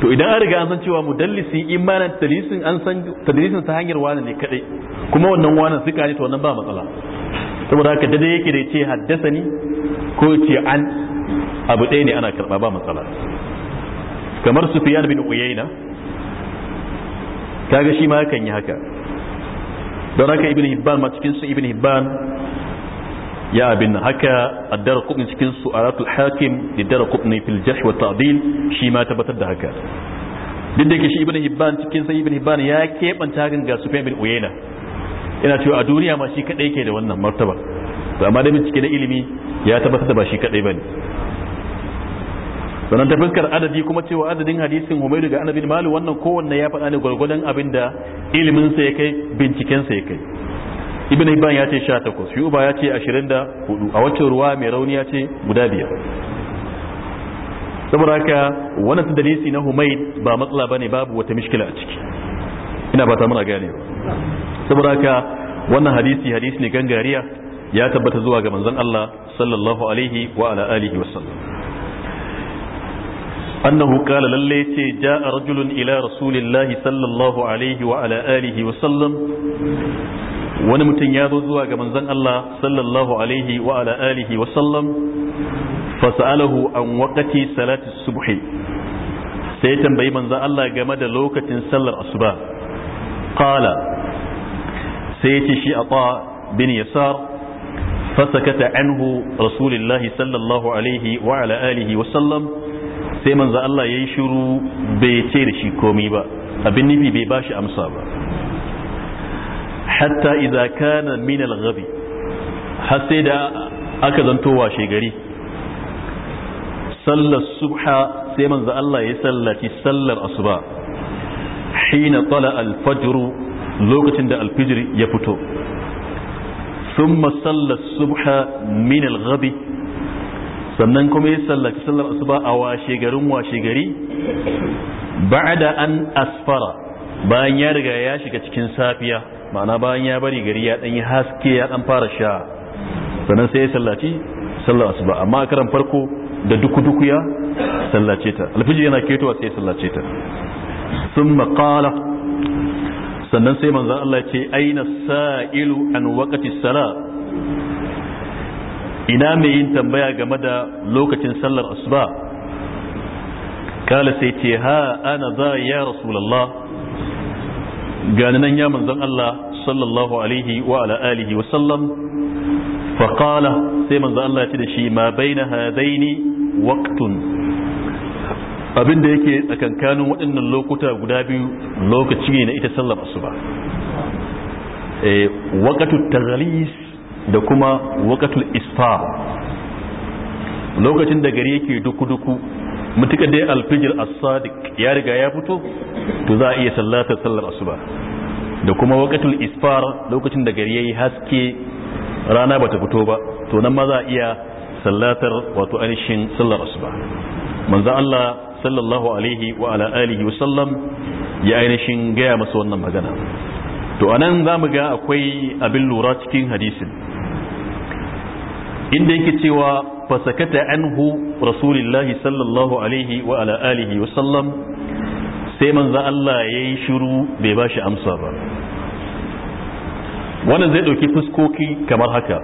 to idan an riga an san cewa mudallisi imanin tadlisin an san tadlisin ta hanyar wani ne kadai kuma wannan wani suka ne to wannan ba matsala saboda haka dade yake da ce haddasa ni ko ce an abu ɗaya ne ana karɓa ba matsala kamar sufyan bin uyayna kaga shi ma kan yi haka don haka ibn hibban ma cikin su ibn hibban ya abin haka a dara kubni cikin su'aratul hakim addara kubni fil jarh wa ta'dil shi ma tabbatar da haka duk da ke shi ibnu hibban cikin sai ibnu hibban ya kebanta hakan ga sufyan bin uyayna ina cewa a duniya ma shi kadai ke da wannan martaba to amma da bincike na ilimi ya tabbatar da ba shi kadai bane sannan ta fuskar adadi kuma cewa adadin hadisin humairu ga anabin malu wannan kowanne ya faɗa ne gwargwadon abin da iliminsa ya kai bincikensa ya kai ibn ibban ya ce 18 shu'ba ya ce 24 a wacce ruwa mai rauni ya ce guda biyar saboda haka wannan tadalisi na humaid ba matsala bane babu wata mishkila a ciki ina ba ta muna gane saboda haka wannan hadisi hadisi ne gangariya ya tabbata zuwa ga manzon Allah sallallahu alaihi wa ala alihi wasallam annahu qala lalle yace ja'a rajulun ila rasulillahi sallallahu alaihi wa ala wa sallam wani mutum ya zo zuwa ga manzon Allah sallallahu alaihi wa ala wa sallam fasa'alahu an waqati salati subhi sai tambayi manzon Allah game da lokacin sallar asuba kala sai yace shi ata bin yasar fasakata anhu rasulullahi sallallahu wa wa sallam sai manzo Allah ya yi shiru bai ce da shi komai ba abin nufi bai bashi amsa ba hatta idza kana min al-ghabi har sai da aka zanto washe gari sallar subha sai manzo Allah ya sallaci sallar asuba hina tala al-fajr lokacin da al-fajr ya fito thumma sallar subha min al sannan kuma ya sallaki sallar asuba a washe garin washe gari da an asfara bayan ya riga ya shiga cikin safiya ma'ana bayan ya bari gari ya ɗanyi haske ya ɗan fara sha sannan sai ya sallaci sallar asuba amma a karan farko da duku duku ya sallace ta alfiji yana ketowa sai ya sallace ta sun maƙala sannan sai manzan Allah ce aina sa'ilu an wakati sala ina mai yin tambaya game da lokacin sallar asuba kala sai ce ha ana za ya rasulallah gani nan ya manzon Allah sallallahu alaihi wa ala alihi wa sallam fa qala sai manzon Allah ya ce da shi ma baina hadaini waqtun abin da yake tsakankanin waɗannan lokuta guda biyu lokaci ne na ita sallar asuba eh waqtu taghalis da kuma wakatul isfar lokacin da gari yake duku-duku mutuka dai alfijir as-sadiq ya riga ya fito to za a iya sallata sallar asuba da kuma wakatul isfar lokacin da gari yayi haske rana bata fito ba to nan ma za a iya sallatar wato anishin sallar asuba manzo Allah sallallahu alaihi wa ala alihi wa sallam ya ainihin gaya masa wannan magana to anan za mu ga akwai abin lura cikin hadisin inda yake cewa fasakata anhu rasulillahi sallallahu alaihi wa ala alihi wa sallam sai manzo Allah yayi shiru bai ba shi amsa ba wannan zai dauki fuskoki kamar haka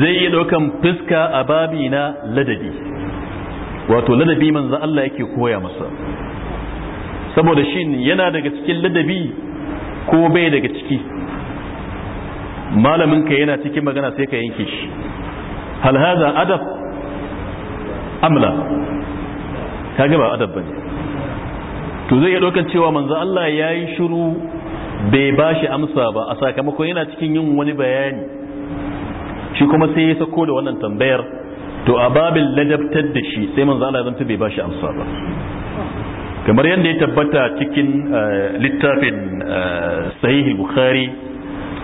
zai yi daukan fuska a babi na ladabi wato ladabi manzo Allah yake koya masa saboda shin yana daga cikin ladabi ko bai daga ciki malamin ka yana cikin magana sai ka yanke shi hal hadha adab amla kaga ba adab bane to zai iya dokan cewa manzo Allah yi shiru bai bashi amsa ba a sakamakon yana cikin yin wani bayani shi kuma sai ya sako da wannan tambayar to a babin ladabtar da shi sai manzo Allah zanta bai bashi amsa ba kamar yadda ya tabbata cikin eh, littafin eh, sahihi bukhari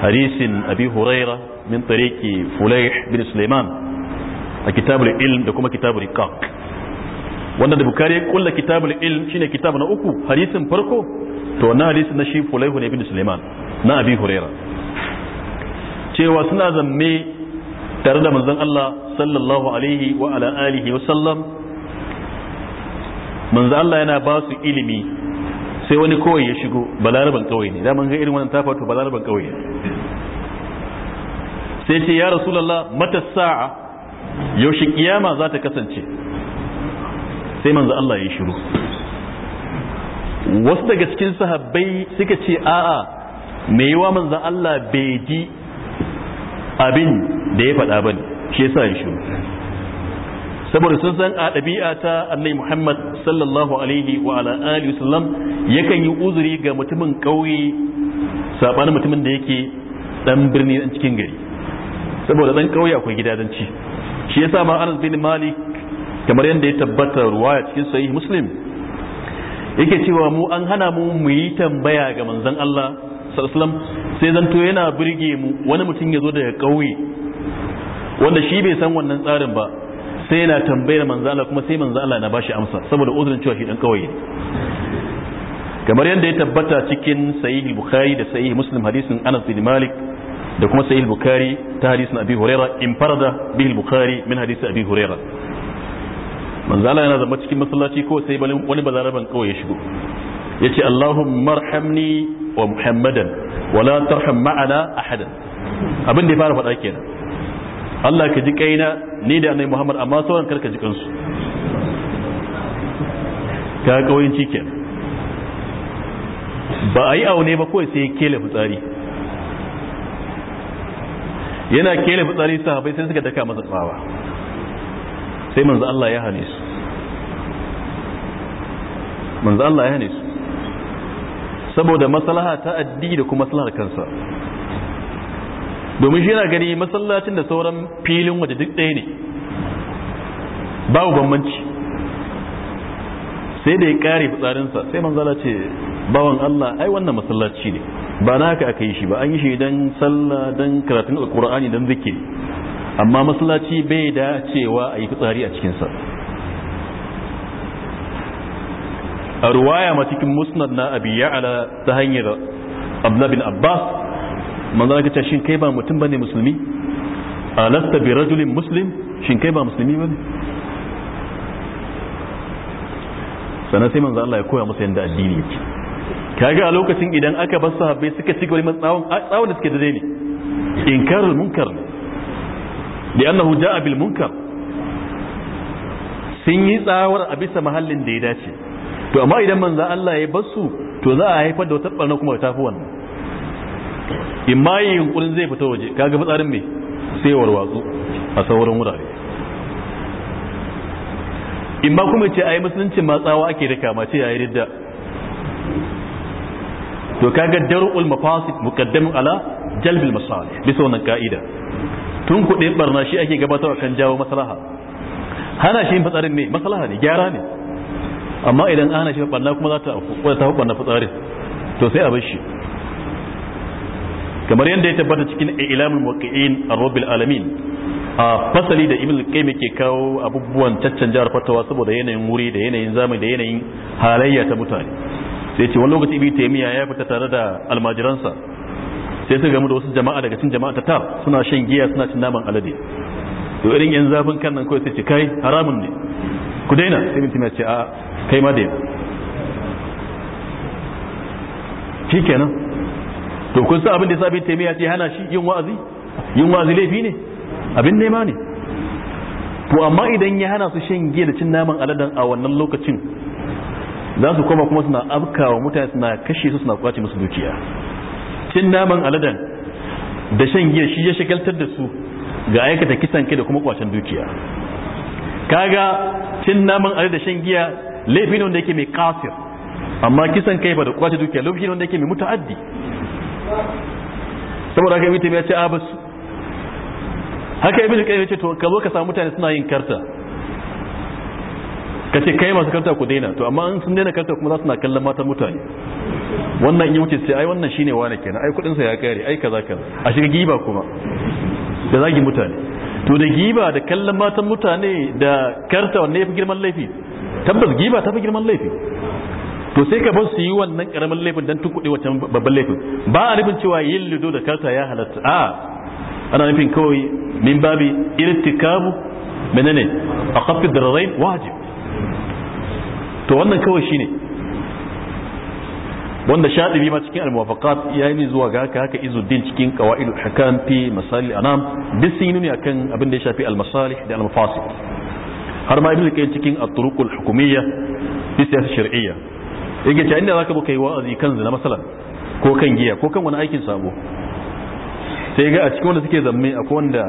حديث أبي هريرة من طريق فليح بن سليمان كتاب العلم دكما كتاب الرقاق wannan da bukari kulla kitabul ilm shine kitab na uku hadisin farko to na hadisin na shi fulaihu ne bin suleiman na abi huraira cewa suna zamme tare da manzon Allah sallallahu alaihi wa ala alihi wa sallam manzon Allah yana ba su ilimi sai wani kawai ya shigo balaraban kawai ne daman ga irin wannan ta fato balaraban kawai sai ce ya rasulullah mata sa'a yaushe kiyama za ta kasance sai manzo Allah ya shiru wasu daga cikin sahabbai suka ce a'a me yawa manzo Allah bai ji abin da ya faɗa bane shi yasa ya shiru saboda sun san a ɗabi'a ta annai muhammad sallallahu alaihi wa ala alihi wasallam yakan yi uzuri ga mutumin ƙauye sabanin mutumin da yake dan birni dan cikin gari saboda dan ƙauye akwai gidadanci shi yasa ma anas bin malik kamar yadda ya tabbata ruwaya cikin sahih muslim yake cewa mu an hana mu mu yi tambaya ga manzon Allah sallallahu alaihi sai zanto yana burge mu wani mutum ya zo daga ƙauye wanda shi bai san wannan tsarin ba sai yana tambayar manzo Allah kuma sai manzo Allah na bashi amsa saboda uzurin cewa shi dan kawai kamar yadda ya tabbata cikin sahih bukhari da sahih muslim hadisin Anas bin Malik da kuma sahih bukhari ta hadisin Abi Hurairah in farada bihi bukhari min hadisi Abi Hurairah manzo Allah yana zama cikin masallaci ko sai wani bazaraban kawai ya shigo yace Allahumma arhamni wa Muhammadan wala tarham ma'ana ahadan abin da ya fara faɗa kenan Allah ka ji kaina ni da annabi Muhammad amma sauran karka ji kansu ka kawai cikin ba a yi aune ba kawai sai kele fitsari yana kele fitsari bai sai suka daka masa tsawa sai manzo Allah ya hane su manzo Allah ya hane su saboda maslaha ta addini da kuma maslahar kansa domin shi yana gani masallacin da sauran filin waje duk ɗaya ne babu bambanci sai da ya kare fitsarinsa sai manzala ce bawan Allah ai wannan masallaci ne ba na haka aka yi shi ba an yi shi don sallah don karatun alkur'ani don zikiri amma masallaci bai da cewa a yi fitsari a cikinsa a ruwaya ma cikin musnad na abi ala ta hanyar abla bin abbas manzo ka ce shin kai ba mutum bane musulmi alasta bi rajulin muslim shin kai ba musulmi bane sannan sai manzo Allah ya koya musu yadda addini yake kaga a lokacin idan aka bar sahabbai suka ci gari matsawon tsawon tsawon da suke da ne inkar munkar da annahu ja'a bil munkar sun yi tsawar a bisa mahallin da ya dace to amma idan manzo Allah ya bar su to za a haifar da wata barna kuma ta fi wannan in ma yi yunkurin zai fita waje kaga fitsarin mai sai warwatsu a sauran wurare in ma kuma ce a yi musuluncin matsawa ake da kama ce a yi ridda to kaga darul mafasid muqaddamin ala jalbil masalih bisa wannan ka'ida tun kuɗin barna shi ake gabatarwa kan jawo maslaha hana shi fitsarin ne maslaha ne gyara ne amma idan ana shi barna kuma za ta wadda ta barna fitsarin to sai a bar shi kamar yadda ya tabbata cikin ilamul muwaqqi'in ar-rabbil alamin a fasali da ibn qayyim ke kawo abubuwan caccanjawar fatawa saboda yanayin wuri da yanayin zamani da yanayin halayya ta mutane sai ce wani lokaci ibn taymiya ya fita tare da almajiransa sai suka gamu da wasu jama'a daga cikin jama'a ta tar suna shan giya suna cin naman alade to irin yan zafin kan nan kawai sai ce kai haramun ne ku daina sai ibn taymiya ce a kai ma daina shikenan to kun san abin da sabin taimiyya ce hana shi yin wa'azi yin wa'azi laifi ne abin nema ne to amma idan ya hana su shan giya da cin naman aladan a wannan lokacin za su koma kuma suna afkawa mutane suna kashe su suna kwace musu dukiya cin naman aladan da shan giya shi ya shagaltar da su ga aikata kisan kai da kuma kwacen dukiya kaga cin naman aladan da shan giya laifi ne wanda yake mai kafir amma kisan kai ba da kwace dukiya laifi ne wanda yake mai muta'addi saboda haka ibn ya ce a ah, basu haka ibn kai ya ce to ka zo ka samu mutane suna yin karta ka ce kai masu karta ku daina to amma an sun daina karta kuma za su na kallon matan mutane wannan yi wuce sai ai wannan shine wane kenan ai kudin sa ya kare ai kaza kaza a shiga giba kuma da zagi mutane to da giba da kallon matan mutane da karta wanne yafi girman laifi tabbas giba ta fi girman laifi to sai ka bar su yi wannan karamin laifin dan tukuɗe wata babban laifin ba a nufin cewa yin lido da karta ya halatta a ana nufin kawai min babi irtikabu menene a kafin dararain wajib to wannan kawai shine wanda shaɗibi ma cikin almuwafaqat muwafaqat ya yi zuwa ga haka haka din cikin qawaidu hukam fi masalil anam duk sun yi akan abin da ya shafi almasalih da almafasil har ma ibnu kayyim cikin at turuqul hukumiyya fi siyasa shar'iyya yake ce inda zaka buka yi wa'azi kan zina masalan ko kan giya ko kan wani aikin sabo sai ga a cikin wanda suke zamme akwai wanda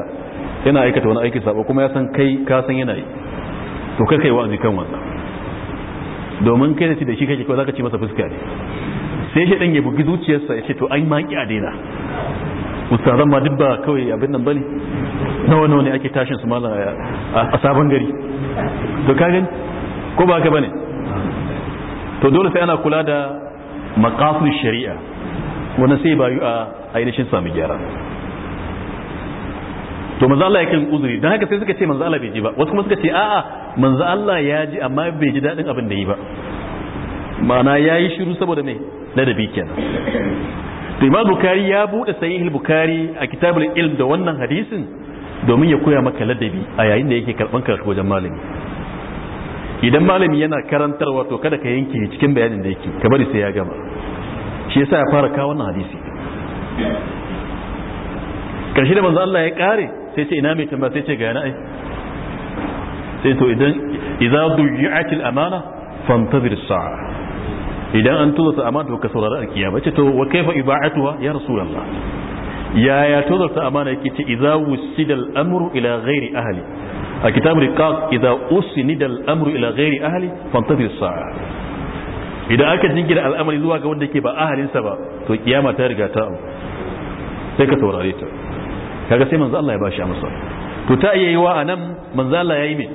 yana aikata wani aikin sabo kuma ya san kai ka san yana yi to kai kai wa'azi kan wannan domin kai da shi da shi kake kawai zaka ci masa fuska ne sai shi dan ya bugi zuciyarsa ya ce to ai ma ki a daina ustazan ma duk ba kawai abin nan bane nawa nawa ne ake tashin su malam a sabon gari to ka gani ko ba ka bane to dole sai ana kula da maqasid shari'a wanda sai bayu a ainihin sami gyara to manzo Allah yakan uzuri dan haka sai suka ce manzo Allah bai ji ba wasu kuma suka ce a'a manzo Allah ya ji amma bai ji dadin abin da yi ba ma'ana yayi shiru saboda me ladabi kenan to Imam Bukhari ya bude sahih Bukhari a kitabul ilm da wannan hadisin domin ya koya maka ladabi a yayin da yake karban karatu wajen malami idan malami yana karantar wato, kada ka yanke cikin bayanin da yake ka bari sai ya gama shi yasa ya fara kawo wannan hadisi karshe da manzo Allah ya kare sai ce ina mai tambaya sai ce ga yana ai sai to idan idza duyi'at al-amana fantazir as-sa'a idan an tuza amana to ka saurari alkiyama ce to wa kaifa iba'atuha ya rasulullah yaya tozarta amana yake ce idza wusida al-amru ila ghairi ahli a kitabul riqaq idza usnida al-amru ila ghairi ahli fantazir sa'a idan aka jingira al'amari zuwa ga wanda yake ba ahalinsa ba to kiyama ta riga ta sai ka saurare ta kaga sai manzo Allah ya bashi amsa to ta iya yi wa anan manzo Allah yayi me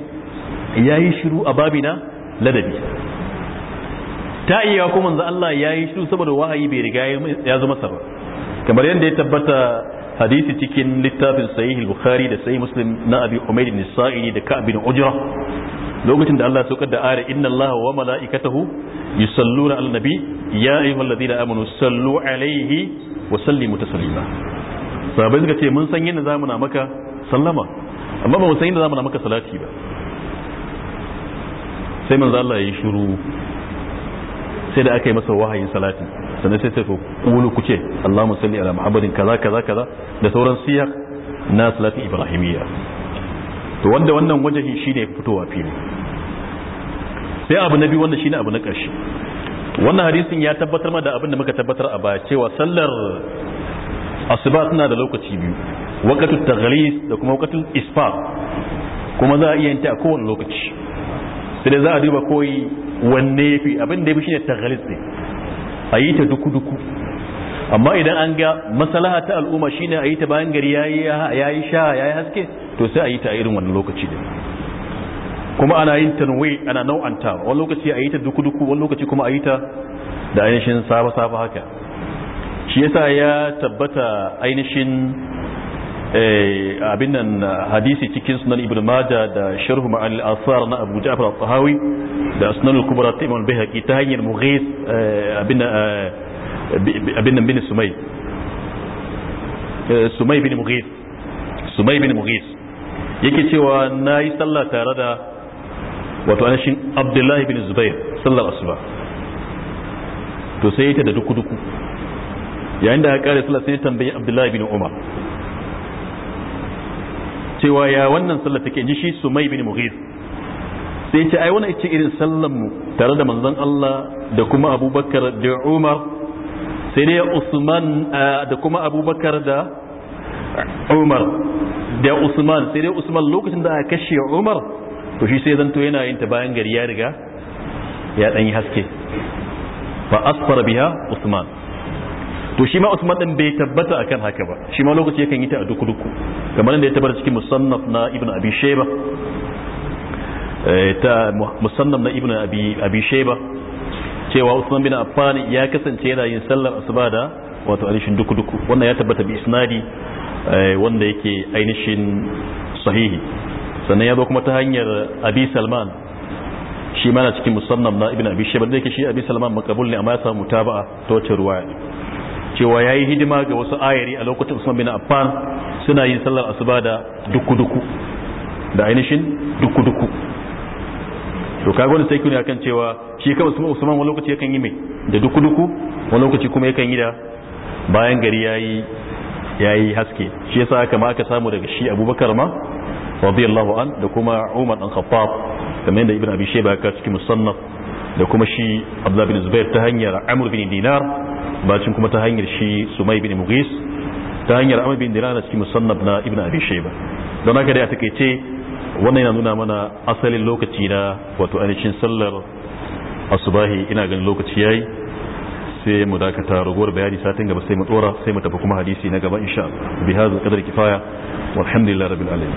yayi shiru a babina ladabi ta iya ko manzo Allah yayi shiru saboda wahayi bai riga ya zama masa ba kamar yadda ya tabbata hadisi cikin littafin sahih bukhari da sahih muslim na abi umayd bin sa'idi da ka'b bin ujra lokacin da Allah saukar da ayar inna Allah wa mala'ikatahu yusalluna ala nabi ya ayyuhallazina amanu sallu alayhi wa sallimu taslima sahabbai suka ce mun san yadda zamu na maka sallama amma ba mu san yadda zamu na maka salati ba sai manzo Allah ya yi shiru sai da aka yi masa wahayin salatin sannan sai sai kulu ce Allahumma salli ala Muhammadin kaza kaza kaza da sauran siyar na salatin ibrahimiyya to wanda wannan wajahin shine fitowa fili sai abu na biyu wannan ne abu na ƙarshe wannan hadisin ya tabbatar ma da abin da muka tabbatar a baya cewa sallar asuba suna da lokaci biyu waqatu taghlis da kuma waqatu isfar kuma za a iya yin ta a kowane lokaci sai dai za a duba koyi wanne yafi abin da yafi shine taghlis ne a yi ta duku-duku amma idan an ga masalaha ta al'umma shine a yi ta bayan gari ya yi sha ya yi haske to sai a yi ta a irin wannan lokaci din kuma ana yin tanwe ana nau'anta wani lokaci a yi ta duku-duku wani lokaci kuma a yi ta da ainihin saba-saba haka shi yasa ya tabbata ainihin Eh, abin nan hadisi cikin sunan ibn majah da sharh ma'al asar na abu ja'far al-tahawi da sunan al-kubra ta imam al ta hanyar mughis eh, eh, abin nan bin sumay sumay bin mughis sumay bin mughis yake cewa nayi sallah tare da wato anashin abdullahi bin zubair sallar asuba to sai ya ta da duku duku yayin da ya kare sallah sai ya tambayi abdullahi bin umar cewa ya wannan sallar take ji shi sumai bin mughir sai ce ai wannan ita irin sallar mu tare da manzon Allah da kuma Abubakar da Umar sai dai Usman da kuma Abubakar da Umar da Usman sai dai Usman lokacin da aka kashe Umar to shi sai zanto yana yin ta bayan gari ya riga ya dan yi haske fa asfara biha Usman to shi ma Usman din bai tabbata akan haka ba shi ma lokaci yakan yi ta a duku duku kamar da ya tabbata cikin musannaf na Ibn Abi Shayba eh, ta musannaf na Ibn Abi Abi Shayba cewa Usman bin Affan ya kasance yana yin sallar asuba da wato alishin duku duku wannan ya tabbata bi isnadi eh, wanda yake ainihin sahihi sannan ya zo kuma ta hanyar Abi Salman shi ma na cikin musannaf na Ibn Abi Shayba da yake shi Abi Salman makabul ne amma ya samu mutaba'a ta wacce ruwaya cewa yi hidima ga wasu ayari a lokacin Usman bin Affan suna yin sallar asuba da duku-duku da ainihin duku-duku to kaga wani sai akan cewa shi kan Usman Usman wani lokaci yakan yi mai da duku-duku wani lokaci kuma yakan yi da bayan gari yayi yayi haske shi yasa aka ma aka samu daga shi Abubakar ma radiyallahu an da kuma Umar dan Khattab kamar yadda Ibn Abi Shayba ka cikin musannaf da kuma shi Abdullah bin Zubair ta hanyar Amr bin Dinar bacin kuma ta hanyar shi sumai bin mughis ta hanyar amr bin dinar cikin musannaf na ibn abi shaiba don haka dai a takaice wannan yana nuna mana asalin lokaci na wato ainihin sallar asubahi ina ganin lokaci yayi sai mu dakata ragowar bayani satin gaba sai mu dora sai mu tafi kuma hadisi na gaba insha Allah bi hadha qadar kifaya walhamdulillahi rabbil alamin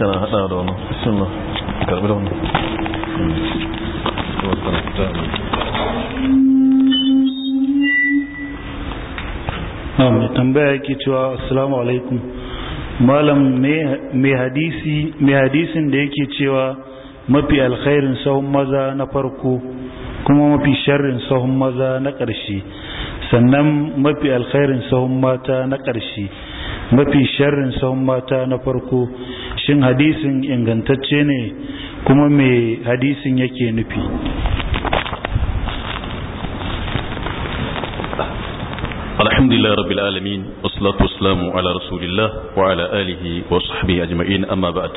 tana hada da wannan bismillah karbi da wannan amma tambaya yake cewa assalamu alaikum malam mai hadisin da yake cewa mafi alkhairin sahun maza na farko kuma mafi sharrin sahun maza na ƙarshe sannan mafi alkhairin sahun mata na ƙarshe mafi sharrin sahun mata na farko shin hadisin ingantacce ne kuma me hadisin yake nufi alhamdulillah الحمد لله رب العالمين والصلاة والسلام على رسول الله وعلى آله وصحبه أجمعين أما بعد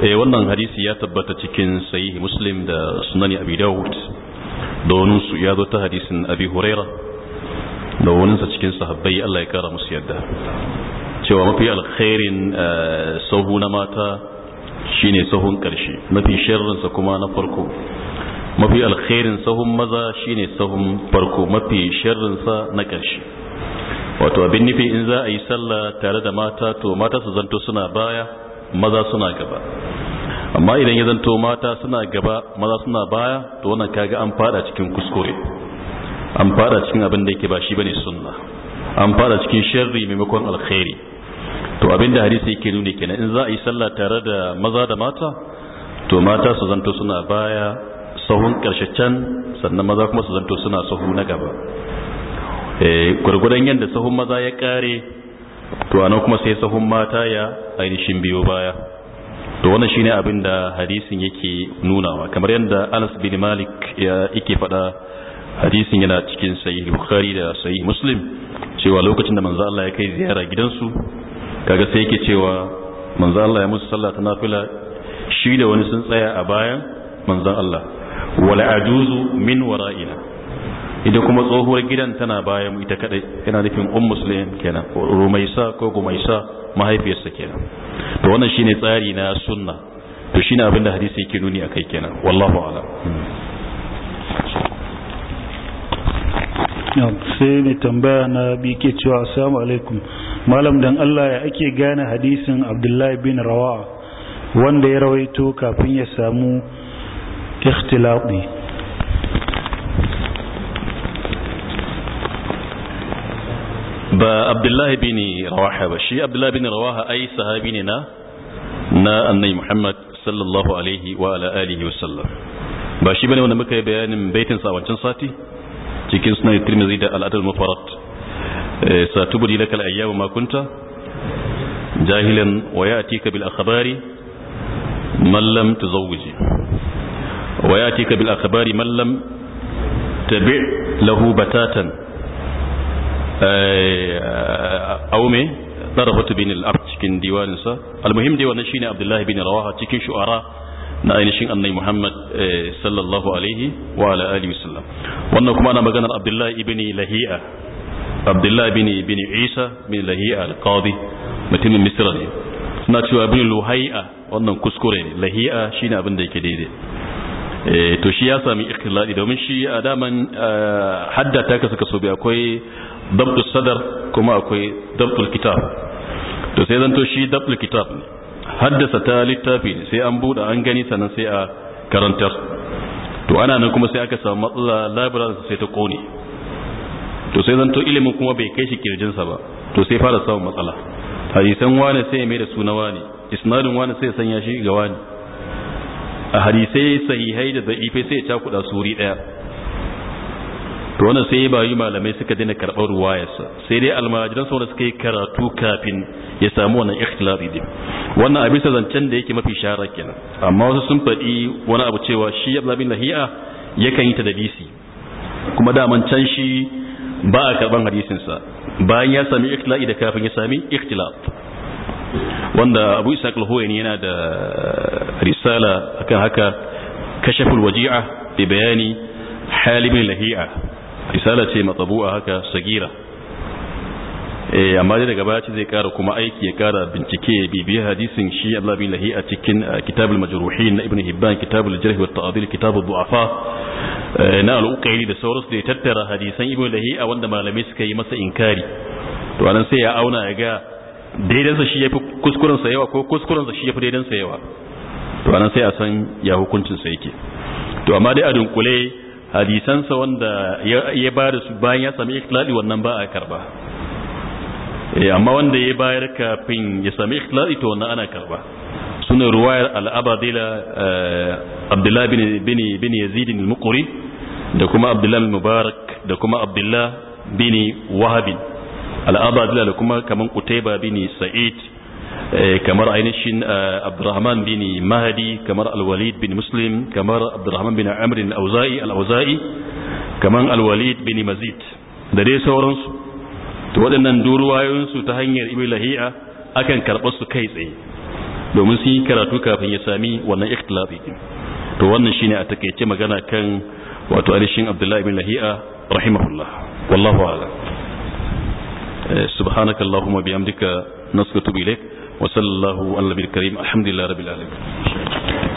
wannan hadisi ya tabbata cikin sahihi muslim da sunani abi dawud da wani su ya zo ta hadisin abi huraira da wani sa cikin sahabbai Allah ya kara musu yadda cewa mafi alkhairin eh, sahu na mata shine sahun karshe mafi sharrinsa kuma na farko mafi alkhairin sahun maza shine sahun farko mafi sharrinsa na karshe wato abin nufi in za a yi sallah tare da mata to mata su zanto suna baya maza suna gaba amma idan ya zanto mata suna gaba maza suna baya to wannan kaga an fada cikin kuskure an fada cikin abin da yake ba shi bane sunna an fada cikin sharri maimakon alkhairi to abinda hadisi yake nuni kenan in za a yi sallah tare da maza da mata to mata su zanto suna baya sahun karshe can sannan maza kuma su zanto suna sahu na gaba eh, gwargwadon yanda sahun maza ya kare to ana kuma sai sahun mata ya ainihin biyo baya to wannan shine abin da hadisin yake nunawa kamar yadda Anas bin Malik ya yake faɗa hadisin yana cikin sahih Bukhari da sahih Muslim cewa lokacin da manzo Allah ya kai ziyara gidansu kaga sai yake cewa manzan Allah ya musu sallah ta nafila shi da wani sun tsaya a bayan manzan Allah wala ajuzu min wara'ina ita kuma tsohuwar gidan tana bayan ita kadai yana nufin um muslim kenan rumaisa ko gumaisa mahaifiyarsa kenan to wannan shine tsari na sunna to shine abin da hadisi yake nuni akai kenan wallahu a'lam sai mai tambaya na bi ke cewa assalamu alaikum malam dan Allah ya ake gane hadisin abdullahi bin rawa wanda ya rawaito kafin ya samu ikhtilafi ba abdullahi bin rawaha ba shi abdullahi bin rawaha ai sahabi ne na na annai muhammad sallallahu alaihi wa ala alihi wa ba shi bane wanda muka yi bayanin baitin sa wancan sati cikin sunan tirmidhi da al-adl mufarrad Eh, satubuli lakal ayyamu ma kunta jahilan wa ya'tika bil akhbari man lam tuzawwiji wa ya'tika bil akhbari man lam tabi lahu batatan eh, aw me tarafatu bin al cikin diwaninsa almuhim dai wannan shine abdullahi bin rawaha cikin shu'ara na ainihin annai muhammad eh, sallallahu alaihi wa ala alihi wasallam wannan kuma ana maganar abdullahi ibn lahi'a abdullah bin bin isa bin lahiya al-qadi mutumin misra ne suna cewa bin luhai'a wannan kuskure ne lahiya shine abin da yake daidai eh, to shi ya sami ikhtilali domin shi a daman eh, hadda ta kasu kaso akwai dabtul sadar kuma akwai dabtul kitab to sai zanto shi dabtul kitab haddasa ta littafi sai an buɗe an gani sannan sai a karantar to ana nan kuma sai aka samu matsala labirar sai ta kone to sai zanto ilimin kuma bai kai shi kirjinsa ba to sai fara samun matsala hadisan wane sai ya mai da suna wane isnadin wane sai ya sanya shi ga wane a hadisai sahihai da da'ifai sai ya cakuɗa su wuri ɗaya to wannan sai ba yi malamai suka daina karɓar ruwayarsa sai dai almajiran sauna suka yi karatu kafin ya samu wannan ikhtilafi din wannan abin sa zancen da yake mafi shara kenan amma wasu sun faɗi wani abu cewa shi abdullahi lahi'a yakan yi ta da disi kuma daman can shi ba a karban hadisinsa bayan ya sami ikhtila'i da kafin ya sami ikhtilaf wanda abu isaac al-huwaini yana da eh, risala akan haka kashaful waji'a bi bayani halibin lahi'a risala ce matsabu'a haka sagira eh amma dai daga baya zai kara kuma aiki ya kara bincike bibiya hadisin shi Allah bin lahi a cikin eh, kitabul majruhin na ibn hibban kitabul jarh wa ta'dil kitabul du'afa Eh, na al'ukairi da sauransu da ya tattara hadisan ibn lahi a wanda malamai suka yi masa inkari to anan sai ya auna ya ga daidansa shi yafi kuskurensa yawa ko kuskurensa shi yafi daidansa yawa to anan sai a san ya hukuncin sa yake to amma dai a dunkule hadisansa wanda ya ba da su bayan ya sami ikhlali wannan ba a karba eh, amma wanda ya bayar kafin ya sami ikhlali to wannan ana karba suna ruwayar al'abadila eh, abdullah bin yazidin al-mukuri da kuma abdullah mubarak da kuma abdullah bin wahabin al'abadila da kuma kamar kutaiba bin sa'id eh, kamar ainihin eh, abdurrahman bin mahadi kamar alwalid bin muslim kamar abdurrahman bin amrin auza'i al'auza'i kamar alwalid bin mazid da dai sauransu to waɗannan duruwayoyinsu ta hanyar ibi lahi'a akan karɓar su kai tsaye domin sun yi karatu kafin ya sami wannan ikhtilafi to wannan shine a takeice magana kan wato alishin abdullahi bin lahi'a rahimahullah wallahu ala eh, subhanaka allahumma bihamdika nasqutu bilik wa sallallahu ala karim alhamdulillahi rabbil alamin